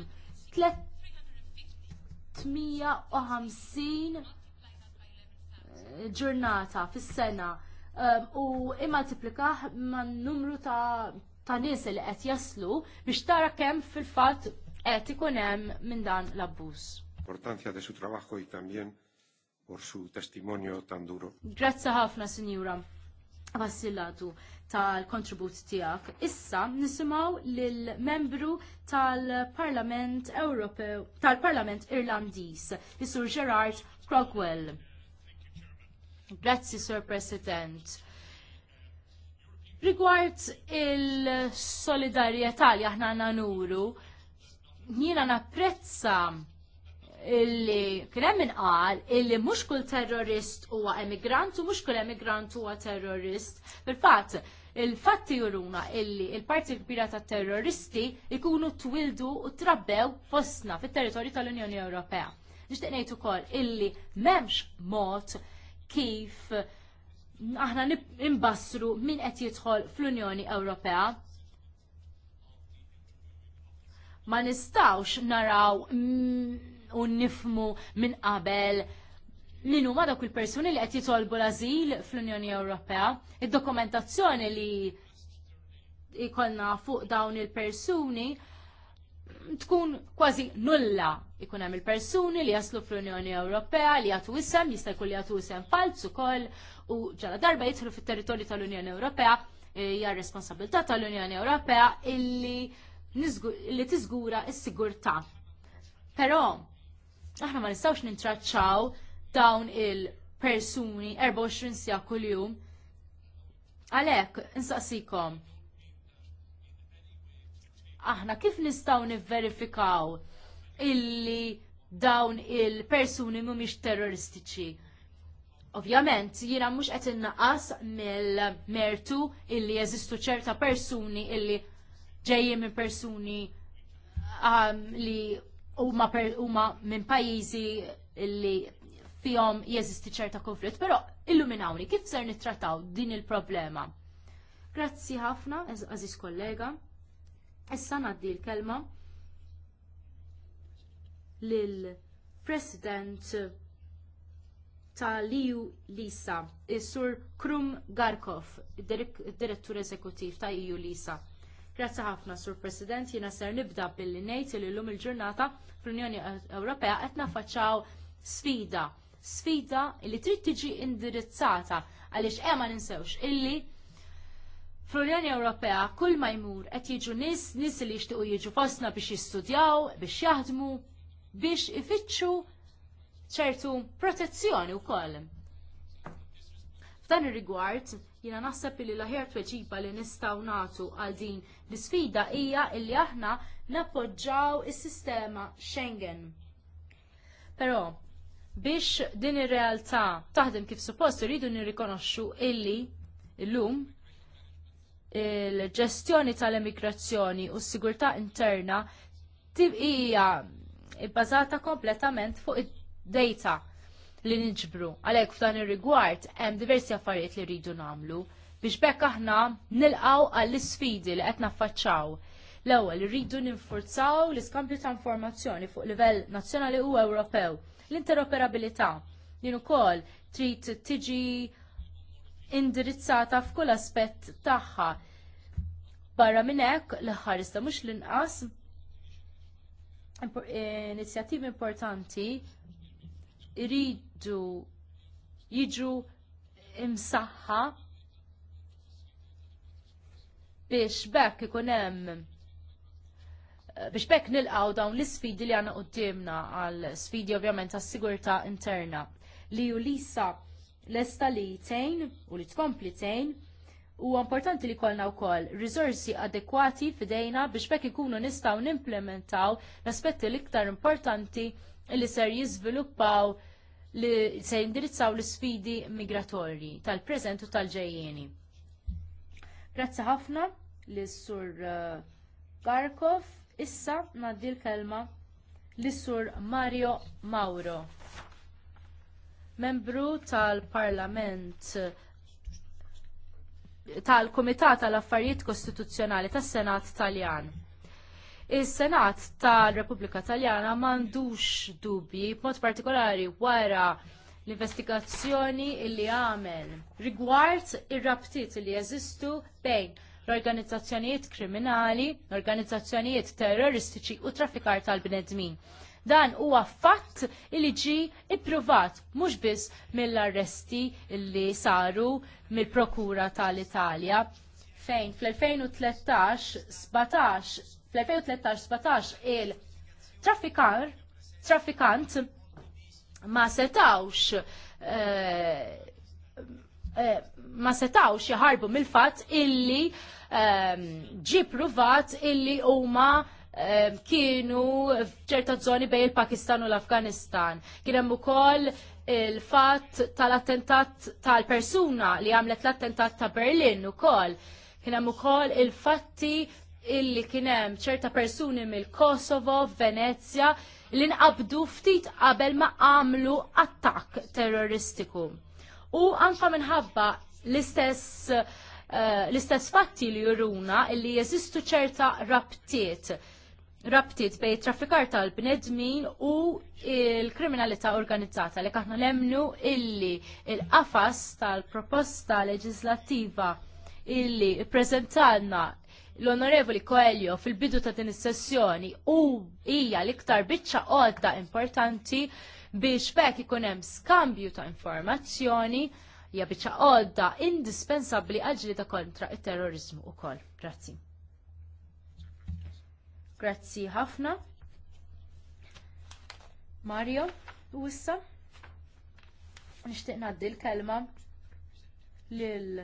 350 ġurnata fis-sena Ehm, u imma tiplikaħ man numru ta' ta' li qed jaslu biex tara kemm fil-fatt qed ikun hemm minn dan l-abbuż. L-importanza ta' su trabajo i también por su testimonio tan duro. Grazzi ħafna, Sinjura Vassillatu, tal-kontribut tiegħek. Issa nisimgħu lill membru tal-Parlament Ewropew, tal-Parlament Irlandiż, is-Sur Gerard Crockwell. Grazzi, Sur President. Rigward il-solidarieta li aħna nanuru, jiena napprezza illi kienem qal illi mhux kull terrorist huwa emigrant u mhux kull emigrant huwa terrorist. Fil-fatt, il-fatti juruna illi il-parti kbira ta' terroristi ikunu twildu u trabbew fostna fit-territorju tal-Unjoni Ewropea. Nixtieq ngħid ukoll illi m'hemmx mod kif aħna imbassru min qed jidħol fl-Unjoni Ewropea. Ma nistawx naraw mm, u nifmu minn qabel min huma dawk il-persuni li qed jitolbu l azil fl-Unjoni Ewropea, id-dokumentazzjoni li jkollna fuq dawn il-persuni tkun kważi nulla ikun hemm il-persuni li jaslu fl-Unjoni Ewropea li jagħtu isem, jista' jkun li jagħtu isem falz ukoll u ġala darba jidħlu fit-territorju tal-Unjoni Ewropea e, hija responsabilità tal-Unjoni Ewropea illi li tiżgura s-sigurtà. Però aħna ma nistgħux nintraċċaw dawn il-persuni 24 sija kuljum. Għalhekk, insaqsikom, aħna kif nistgħu nivverifikaw illi dawn il-persuni mhumiex terroristiċi. Ovvjament, jiena mhux qed naqas mill-mertu illi jeżistu ċerta persuni illi ġejjin minn persuni um, li huma minn pajjiżi illi fihom jeżisti ċerta konflitt, però illuminawni kif ser nittrattaw din il-problema. Grazzi ħafna, eżaziz kollega. Issa ngħaddi l-kelma l president tal liu Lisa, is-Sur Krum Garkov, direttur Eżekuttiv ta' EU Lisa. Grazzi ħafna, Sur President, jina ser nibda billi ngħid li l-lum il-ġurnata fl-Unjoni Ewropea qed nafaċċaw sfida. Sfida li trid tiġi indirizzata għaliex ema ninsewx illi Fl-Unjoni Ewropea kull ma jmur qed jiġu nis, nis li jixtiequ jiġu fostna biex jistudjaw, biex jaħdmu, biex ifittxu ċertu protezzjoni wkoll. F'dan ir-rigward, jiena naħseb li l-aħjar tweġiba li nistgħu nagħtu għal din l isfida hija illi aħna nappoġġaw is-sistema Schengen. Però biex din ir-realtà taħdem kif suppost irridu nirrikonoxxu illi illum il-ġestjoni tal-immigrazzjoni u s-sigurtà interna tibqija bbażata kompletament fuq id-data li niġbru. Għalhekk f'dan ir-rigward hemm diversi affarijiet li rridu nagħmlu biex bekk aħna nilqaw għall-isfidi li qed naffaċċaw. L-ewwel irridu ninfurzaw l-iskambju ta' informazzjoni fuq livell nazzjonali u Ewropew. L-interoperabilità din ukoll trid tiġi indirizzata f'kull aspett tagħha. Barra minn hekk l-aħħar mhux l-inqas eh, inizjattivi importanti iridu jiġu imsaħħa biex bekk ikun hemm eh, biex bekk nilqaw dawn l-sfidi li għanna qoddimna għal sfidi ovvjament tas sigurta interna li ju lisa lesta li tejn u li tkompli tejn huwa importanti li jkollna wkoll rizorsi adekwati f'idejna biex bekk ikunu nistgħu nimplementaw l-aspetti l-iktar importanti li ser jizviluppaw li se jindirizzaw l isfidi migratorji tal-preżent u tal-ġejjieni. Grazzi ħafna lis sur uh, Garkov. Issa ngħaddi l-kelma lis sur Mario Mauro membru tal-Parlament tal-Kumitat tal-Affarijiet Kostituzzjonali tas-Senat Taljan. Is-Senat tal-Repubblika Taljana m'għandux dubji b'mod partikolari wara l-investigazzjoni li għamel rigward ir-rabtiet li jeżistu bejn l-organizzazzjonijiet kriminali, l-organizzazzjonijiet terroristiċi u traffikar tal-bnedmin. Dan huwa fatt li ġi ippruvat mhux biss mill-arresti li saru mill-Prokura tal-Italja fejn fl-2013 17 fl-2013 17 il traffikar traffikant ma setawx eh, eh, ma setawx jaħarbu mill-fatt illi ehm, ġi eh, pruvat illi huma Ehm, kienu f'ċerta zoni bej il-Pakistan u l-Afganistan. Kien hemm ukoll il-fatt tal-attentat tal-persuna li għamlet l-attentat ta' Berlin ukoll. Kien hemm ukoll il-fatti illi kien hemm ċerta persuni mill-Kosovo, Venezja, li nqabdu ftit qabel ma għamlu attakk terroristiku. U anka minħabba l-istess eh, l-istess fatti li juruna illi jeżistu ċerta rabtiet rabtiet bej traffikar tal-bnedmin u il-kriminalità organizzata li kaħna lemnu illi il-qafas tal-proposta leġislativa illi prezentanna l-Onorevoli Coelho fil-bidu ta' din is-sessjoni u hija l-iktar biċċa qodda importanti biex bekk ikun hemm skambju ta' informazzjoni hija biċċa għodda indispensabbli għal ġlieda kontra it-terrorizmu wkoll. Grazzi. Grazzi ħafna. Mario, u issa? Nixtieq ngħaddi l-kelma lil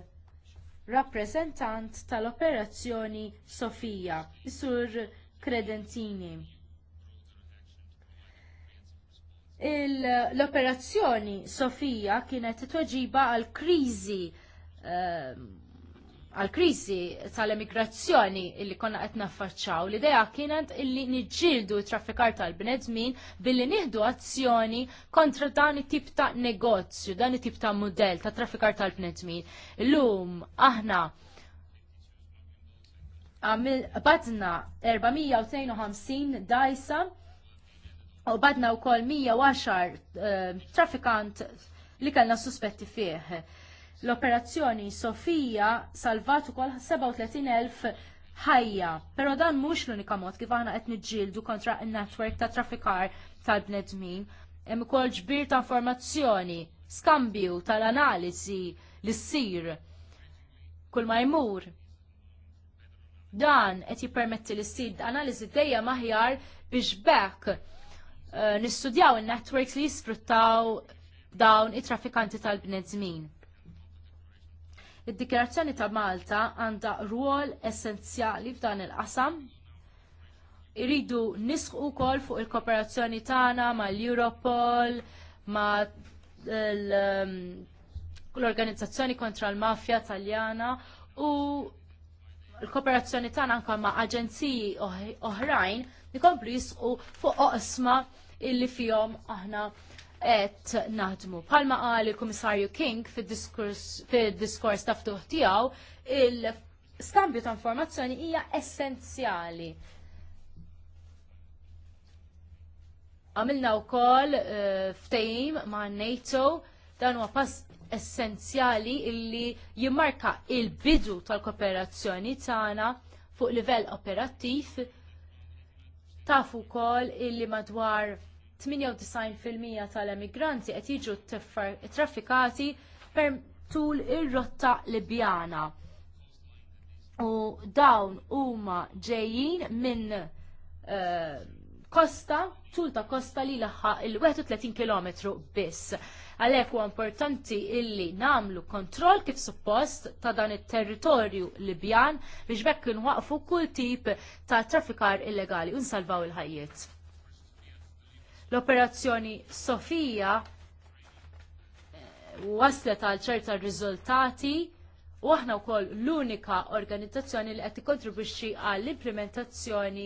rappreżentant tal-operazzjoni Sofija, Sur Credentini. L-operazzjoni Sofija kienet toġiba għal kriżi ehm, għal-krizi tal-emigrazzjoni illi konna qed faċċaw, l ideja kienet illi niġġieldu traffikar tal-bnedmin billi nieħdu azzjoni kontra dan it-tip ta' negozju, dan it-tip ta' model ta' traffikar tal-bnedmin. Illum aħna għamil badna 452 dajsa u badna u kol 110 uh, trafikant li kellna suspetti fih. L-operazzjoni Sofija salvat ukoll 37,000 ħajja, pero dan mhux l-unika mod kif aħna qed niġġieldu kontra n-netwerk ta' traffikar tal-bnedmin. Hemm ukoll ġbir ta' informazzjoni, skambju tal-analisi li ssir kull ma jmur. Dan qed jippermetti li ssir analiżi dejjem aħjar biex bekk eh, nistudjaw in networks li jisfruttaw dawn it-traffikanti tal-bnedmin. Id-dikjarazzjoni ta' Malta għandha rwol essenzjali f'dan il-qasam. Iridu nisħu wkoll fuq il-kooperazzjoni tagħna mal-Europol, ma' um, l-organizzazzjoni kontra l-mafja taljana u l-kooperazzjoni tagħna anke ma' aġenziji oħrajn ikomplu jisqu fuq oqsma illi fihom aħna qed naħdmu. Palma qal il-Kummissarju King fid-diskors ta' ftuħ tiegħu il-skambju ta' informazzjoni hija essenzjali. Għamilna wkoll eh, ftehim ma' NATO dan huwa pass essenzjali illi jimmarka il-bidu tal-kooperazzjoni tagħna fuq livell operattiv tafu kol illi madwar 98% tal-emigranti qed jiġu traffikati per tul ir-rotta Libjana. U dawn huma ġejjin minn eh, kosta, tul ta' kosta li laħħa il-31 km biss. Għalhekk huwa importanti illi namlu kontroll kif suppost ta' dan it-territorju Libjan biex bekk nwaqfu kull tip ta' traffikar illegali u nsalvaw il-ħajjiet. L-operazzjoni Sofija eh, waslet għal ċerta riżultati u aħna wkoll l-unika organizzazzjoni li qed tikkontribwixxi għall implementazzjoni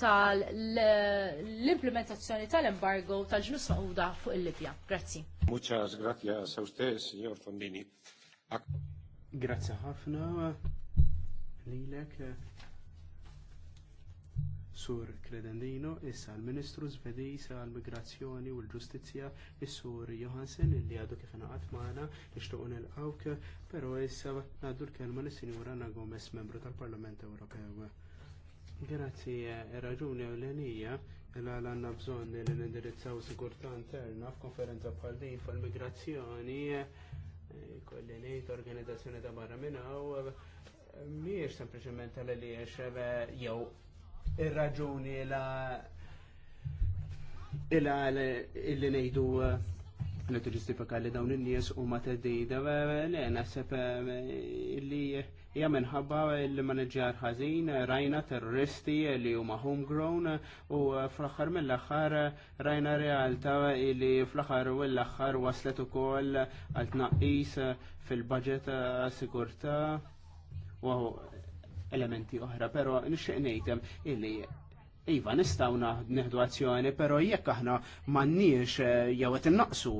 tal-implementazzjoni tal-embargo tal-ġnus maquda fuq il-Libja. Grazzi. Muchas gracias a usted, signor Fondini. Grazzi ħafna lilek. Sur Credendino, issa l-Ministru Svediż għall-Migrazzjoni u l-Ġustizzja, is-Sur Johansen, illi għadu kif ingħaqad magħna nixtiequ nilqawk, però issa ngħaddu l-kelma lis-Sinjura Anna Gomez, membru tal-Parlament Ewropew. Grazzi, raġuni ewlenija l għandna bżonn interna f'konferenza bħal din migrazzjoni organizzazzjoni ta' barra minna u miex sempliciment tal-li jew ir-raġuni la illa illi nejdu eh, li t-ġustifika li dawn in-nies u ma t dida le, nasib illi eh, hija minħabba li maneġġjar ħażin rajna terroristi li huma homegrown u fl-aħħar mill-aħħar rajna realtà li fl-aħħar u l-aħħar waslet ukoll għal tnaqqis fil-budget eh, sigurta elementi oħra, pero nixtieq ngħidem illi Iva, nistgħu neħdu azzjoni, pero jekk aħna m'għandniex eh, jew qed innaqsu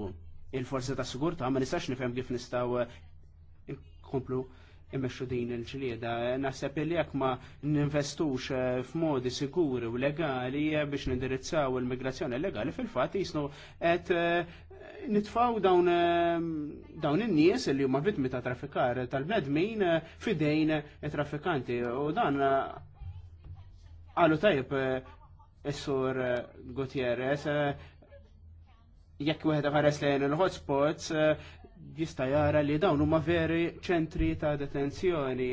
il-forzi ta' sigurtà ma nistax nifhem kif nistgħu eh, nkomplu immexxu din il-ġlieda. Naħseb li jekk ma ninvestux eh, f'modi siguri u legali biex nindirizzaw il-migrazzjoni legali fil-fatt jisnu qed nitfaw dawn ehm, dawn in-nies li huma vittmi ta' traffikar tal-bnedmin eh, fidejn eh, traffikanti u dan eh, għalu tajb is-sur Gutierrez jekk wieħed ħares lejn il-hotspots jista jara li dawn huma veri ċentri ta' detenzjoni.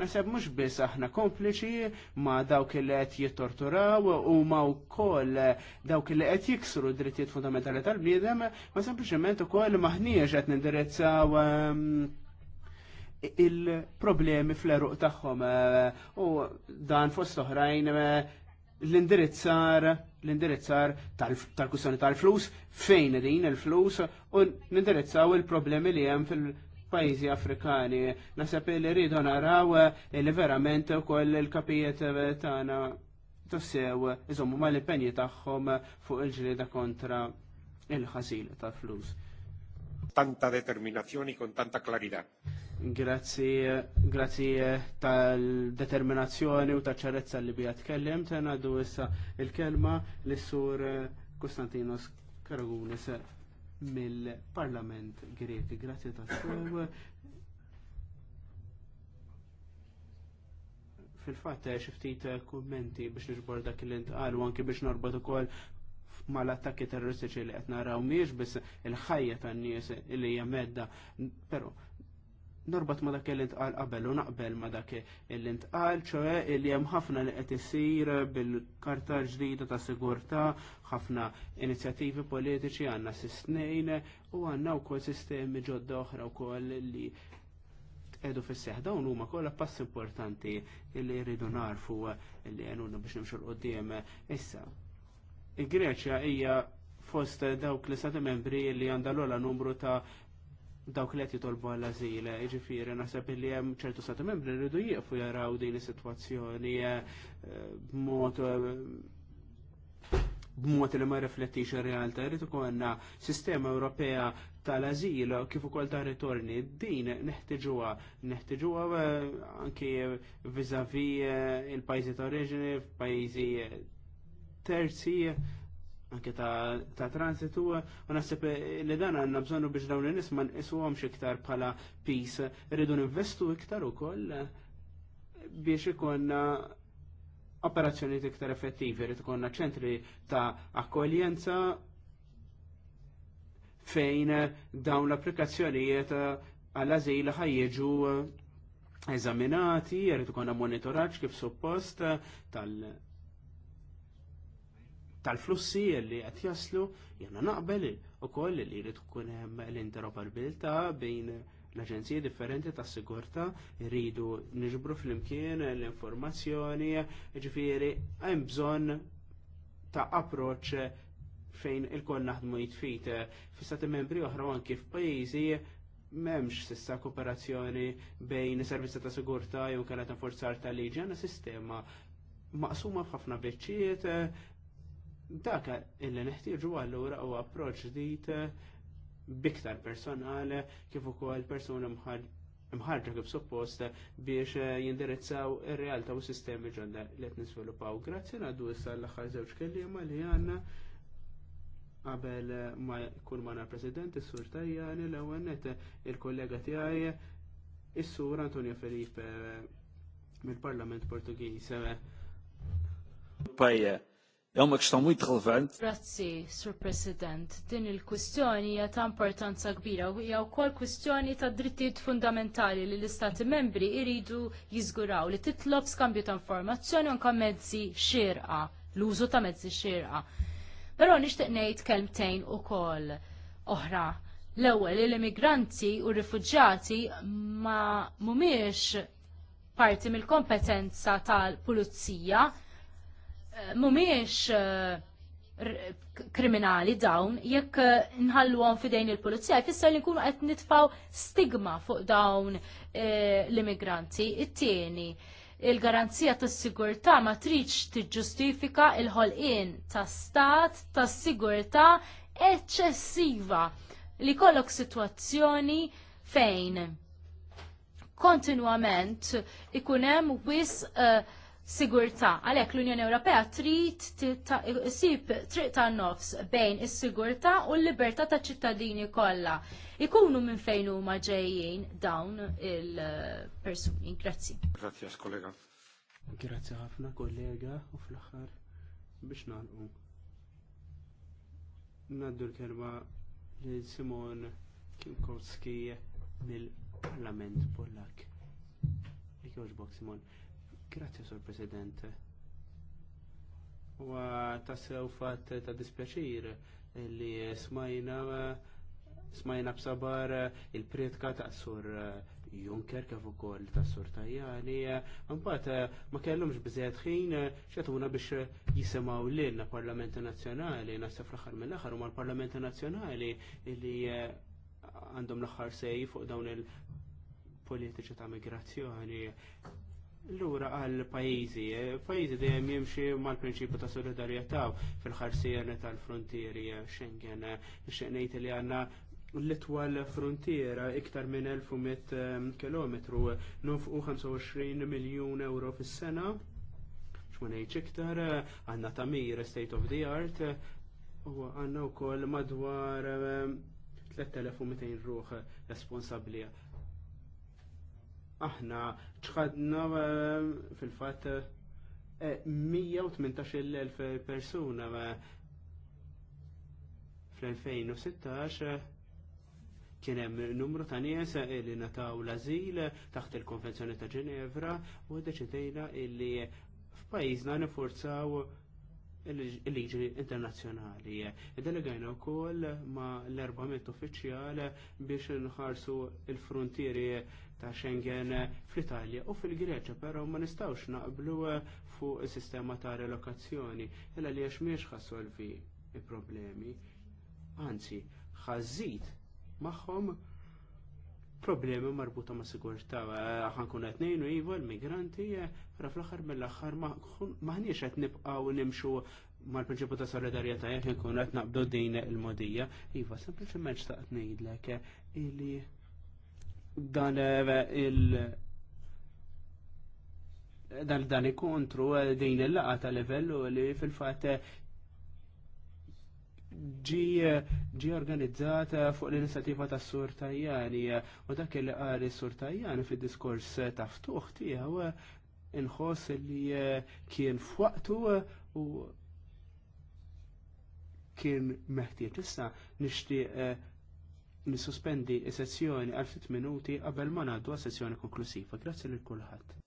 Naseb mhux biss aħna kompliċi ma' dawk li qed jittorturaw u ma' wkoll dawk li qed jiksru drittijiet fundamentali tal-bniedem, ma' sempliċement ukoll maħniex qed nindirizzaw ehm, il-problemi fl-eruq tagħhom u dan fost oħrajn eh, l-indirizzar l-indirizzar tal-kussjoni tal-flus, fejn din il-flus u nindirizzaw il-problemi li jem fil pajzi Afrikani. Nasab li rridu naraw li verament ukoll il-kapijiet tagħna tassew iżommu l impenji tagħhom fuq il-ġlieda kontra il-ħasil tal-flus. Tanta determinazzjoni kon tanta klarità. Grazzi, grazzi eh, tal-determinazzjoni u tal-ċarezza li bija tkellem, tena du issa il-kelma l-sur eh, Konstantinos Karagunis eh, mill-Parlament Greki. Grazzi tal Sur. Fil-fatt xiftit kummenti biex nġbor dak l-intqal u anki biex norbot ukoll mal-attakki terroristiċi li qed miex biss il-ħajja tan-nies li hija medda, però norbat ma dak il għal qabel u naqbel ma dak il għal, ċoħe li hemm ħafna li qed isir bil-karta ġdida ta' sigurta, ħafna inizjattivi politiċi għandna s-snejn u għandna wkoll sistemi ġodda oħra wkoll li edu fis-seħ dawn huma kollha pass importanti li jridu narfu li għanuna biex nimxu l-qoddim issa. Il-Greċja hija fost dawk li stati membri li għandha l numru ta' dawk li qed jitolbu għal ażil jiġifieri naħseb li hemm ċertu stati membri rridu jieqfu jaraw din is-sitwazzjoni eh, b'mod eh, b'mod li ma riflettix ir-realtà, jrid ikolna sistema Ewropea tal-azil kif ukoll ta' ritorni din neħtiġuha neħtiġuha eh, anke vis il-pajjiżi ta' oriġini, pajjiżi terzi anke ta' transitu u naħseb li dan għandna bżonnu biex dawn in-nies ma nqisuhomx iktar bħala peace Irridu ninvestu iktar ukoll biex ikonna operazzjoni iktar effettivi, irid ikonna ċentri ta' akkoljenza fejn dawn l-applikazzjonijiet għall-azil ħajjeġu eżaminati, jrid ikonna monitoraġġ kif suppost tal- tal-flussi li qed jaslu jena naqbel ukoll li jrid ikun hemm l-interoperabilità bejn l-aġenziji differenti tas sigurtà jridu niġbru flimkien l-informazzjoni, ġifieri hemm bżonn ta' approċċ fejn il-koll naħdmu jitfit. stati membri oħra anki f'pajjiżi m'hemmx sissa kooperazzjoni bejn servizzi ta' sigurtà jew kellha ta' forzar tal-liġi għandna sistema maqsuma f'ħafna biċċiet Dak illi neħtieġu allura u approċ dit eh, biktar personale kif ukoll persuna mħarġa kif suppost biex eh, jindirizzaw ir-realtà u sistemi ġodda li qed nisvilupaw. Grazzi ngħaddu issa l-aħħar żewġ kelliema li għandna qabel eh, ma jkun ma president is-sur Tajjani l-ewwel net il-kollega tiegħi is-sur Antonio Felipe mill-Parlament Portugiż. Pajja. Jom Grazzi, Sur President. Din il-kwistjoni hija ta' importanza kbira u hija wkoll kwistjoni ta' drittijiet fundamentali li l-Istati membri jridu jiżguraw li titlob skambju ta' informazzjoni anke mezzi xierqa, l-użu ta' mezzi xierqa. Però nixtieq ngħid kelmtejn ukoll oħra. L-ewwel l-immigranti u rifuġġjati ma mhumiex parti mill-kompetenza tal-pulizija mumiex eh, kriminali dawn, jekk eh, nħalluhom fidejn il-pulizija, jfisser li nkunu qed nitfaw stigma fuq dawn eh, l-immigranti. It-tieni, il-garanzija tas-sigurtà ma tridx tiġġustifika il-ħolqien ta' stat ta' sigurtà eċċessiva li kollok sitwazzjoni fejn kontinwament ikun hemm wisq uh, sigurtà. Għalhekk l-Unjoni Ewropea trid sib triq ta' nofs bejn is-sigurtà u l-libertà taċ ċittadini kollha. Ikunu minn fejn huma ġejjin dawn il-persuni. Grazzi. Grazzi kollega. Grazzi ħafna kollega u fl-aħħar biex nagħlqu. Naddu l-kelma lil Simon Kimkowski mill-Parlament Pollak. jogħġbok, Simon. Grazie, Sur President. Wa tassew fatt ta' dispjaċir li smajna smajna b'sabar il-pretka ta' Sur Junker kif ukoll ta' Sur Tajani. Mbagħad ma kellhomx biżejjed ħin x'għatuna biex jisimgħu lilna Parlamenti Nazzjonali, nasef l aħħar mill-aħħar huma l-Parlamenti Nazzjonali li għandhom l-aħħar sej fuq dawn il-politiċi ta' migrazzjoni Lura għal pajizi, eh, pajizi dejjem jimxi mal-prinċipju ta' solidarjetà fil-ħarsien tal-frontieri eh, Schengen. Xenejt li għanna l-itwal frontiera iktar minn 1100 km, nufqu 25 miljun euro fis-sena. X'ma ngħidx iktar, għandna tamir state of the art u għandna wkoll madwar 3200 eh, ruħ responsabli aħna ċħadna eh, fil-fat 118.000 eh, persuna eh, fl-2016 kien hemm numru ta' nies li nataw l-azil taħt il-Konvenzjoni ta' Ġenevra u deċidejna illi f'pajjiżna nifurzaw il-liġi internazzjonali. Delegajna wkoll ma l-400 uffiċjal biex nħarsu il-frontieri ta' Schengen fl-Italja u fil-Greċa, però ma nistawx naqblu eh, fuq is-sistema ta' relokazzjoni, illa li għax miex ħassolvi i problemi Anzi, ħażid magħhom problemi marbuta ma' sigurtà t eh, qed u iva l-migranti, eh, pero fl-aħħar mill-aħħar maħniex qed nibqgħu nimxu mal-prinċipu ta' solidarjetà jekk kuna qed nabdu din il-modija. Iva, sempliċement xtaqt ngħidlek illi dan eh, il- dan dan ikontru eh, din il-laqa ta' livellu li fil-fat eh, ġi organizzata fuq l-inizjattiva ta' Sur Tajjani u dak li qari Sur Tajjani fid-diskors ta' ftuħ tiegħu inħoss li kien fuqtu u kien meħtieġ issa nixtieq nissuspendi s-sessjoni għal ftit minuti qabel ma ngħaddu għas sessjoni konklusiva. Grazzi lil kulħadd.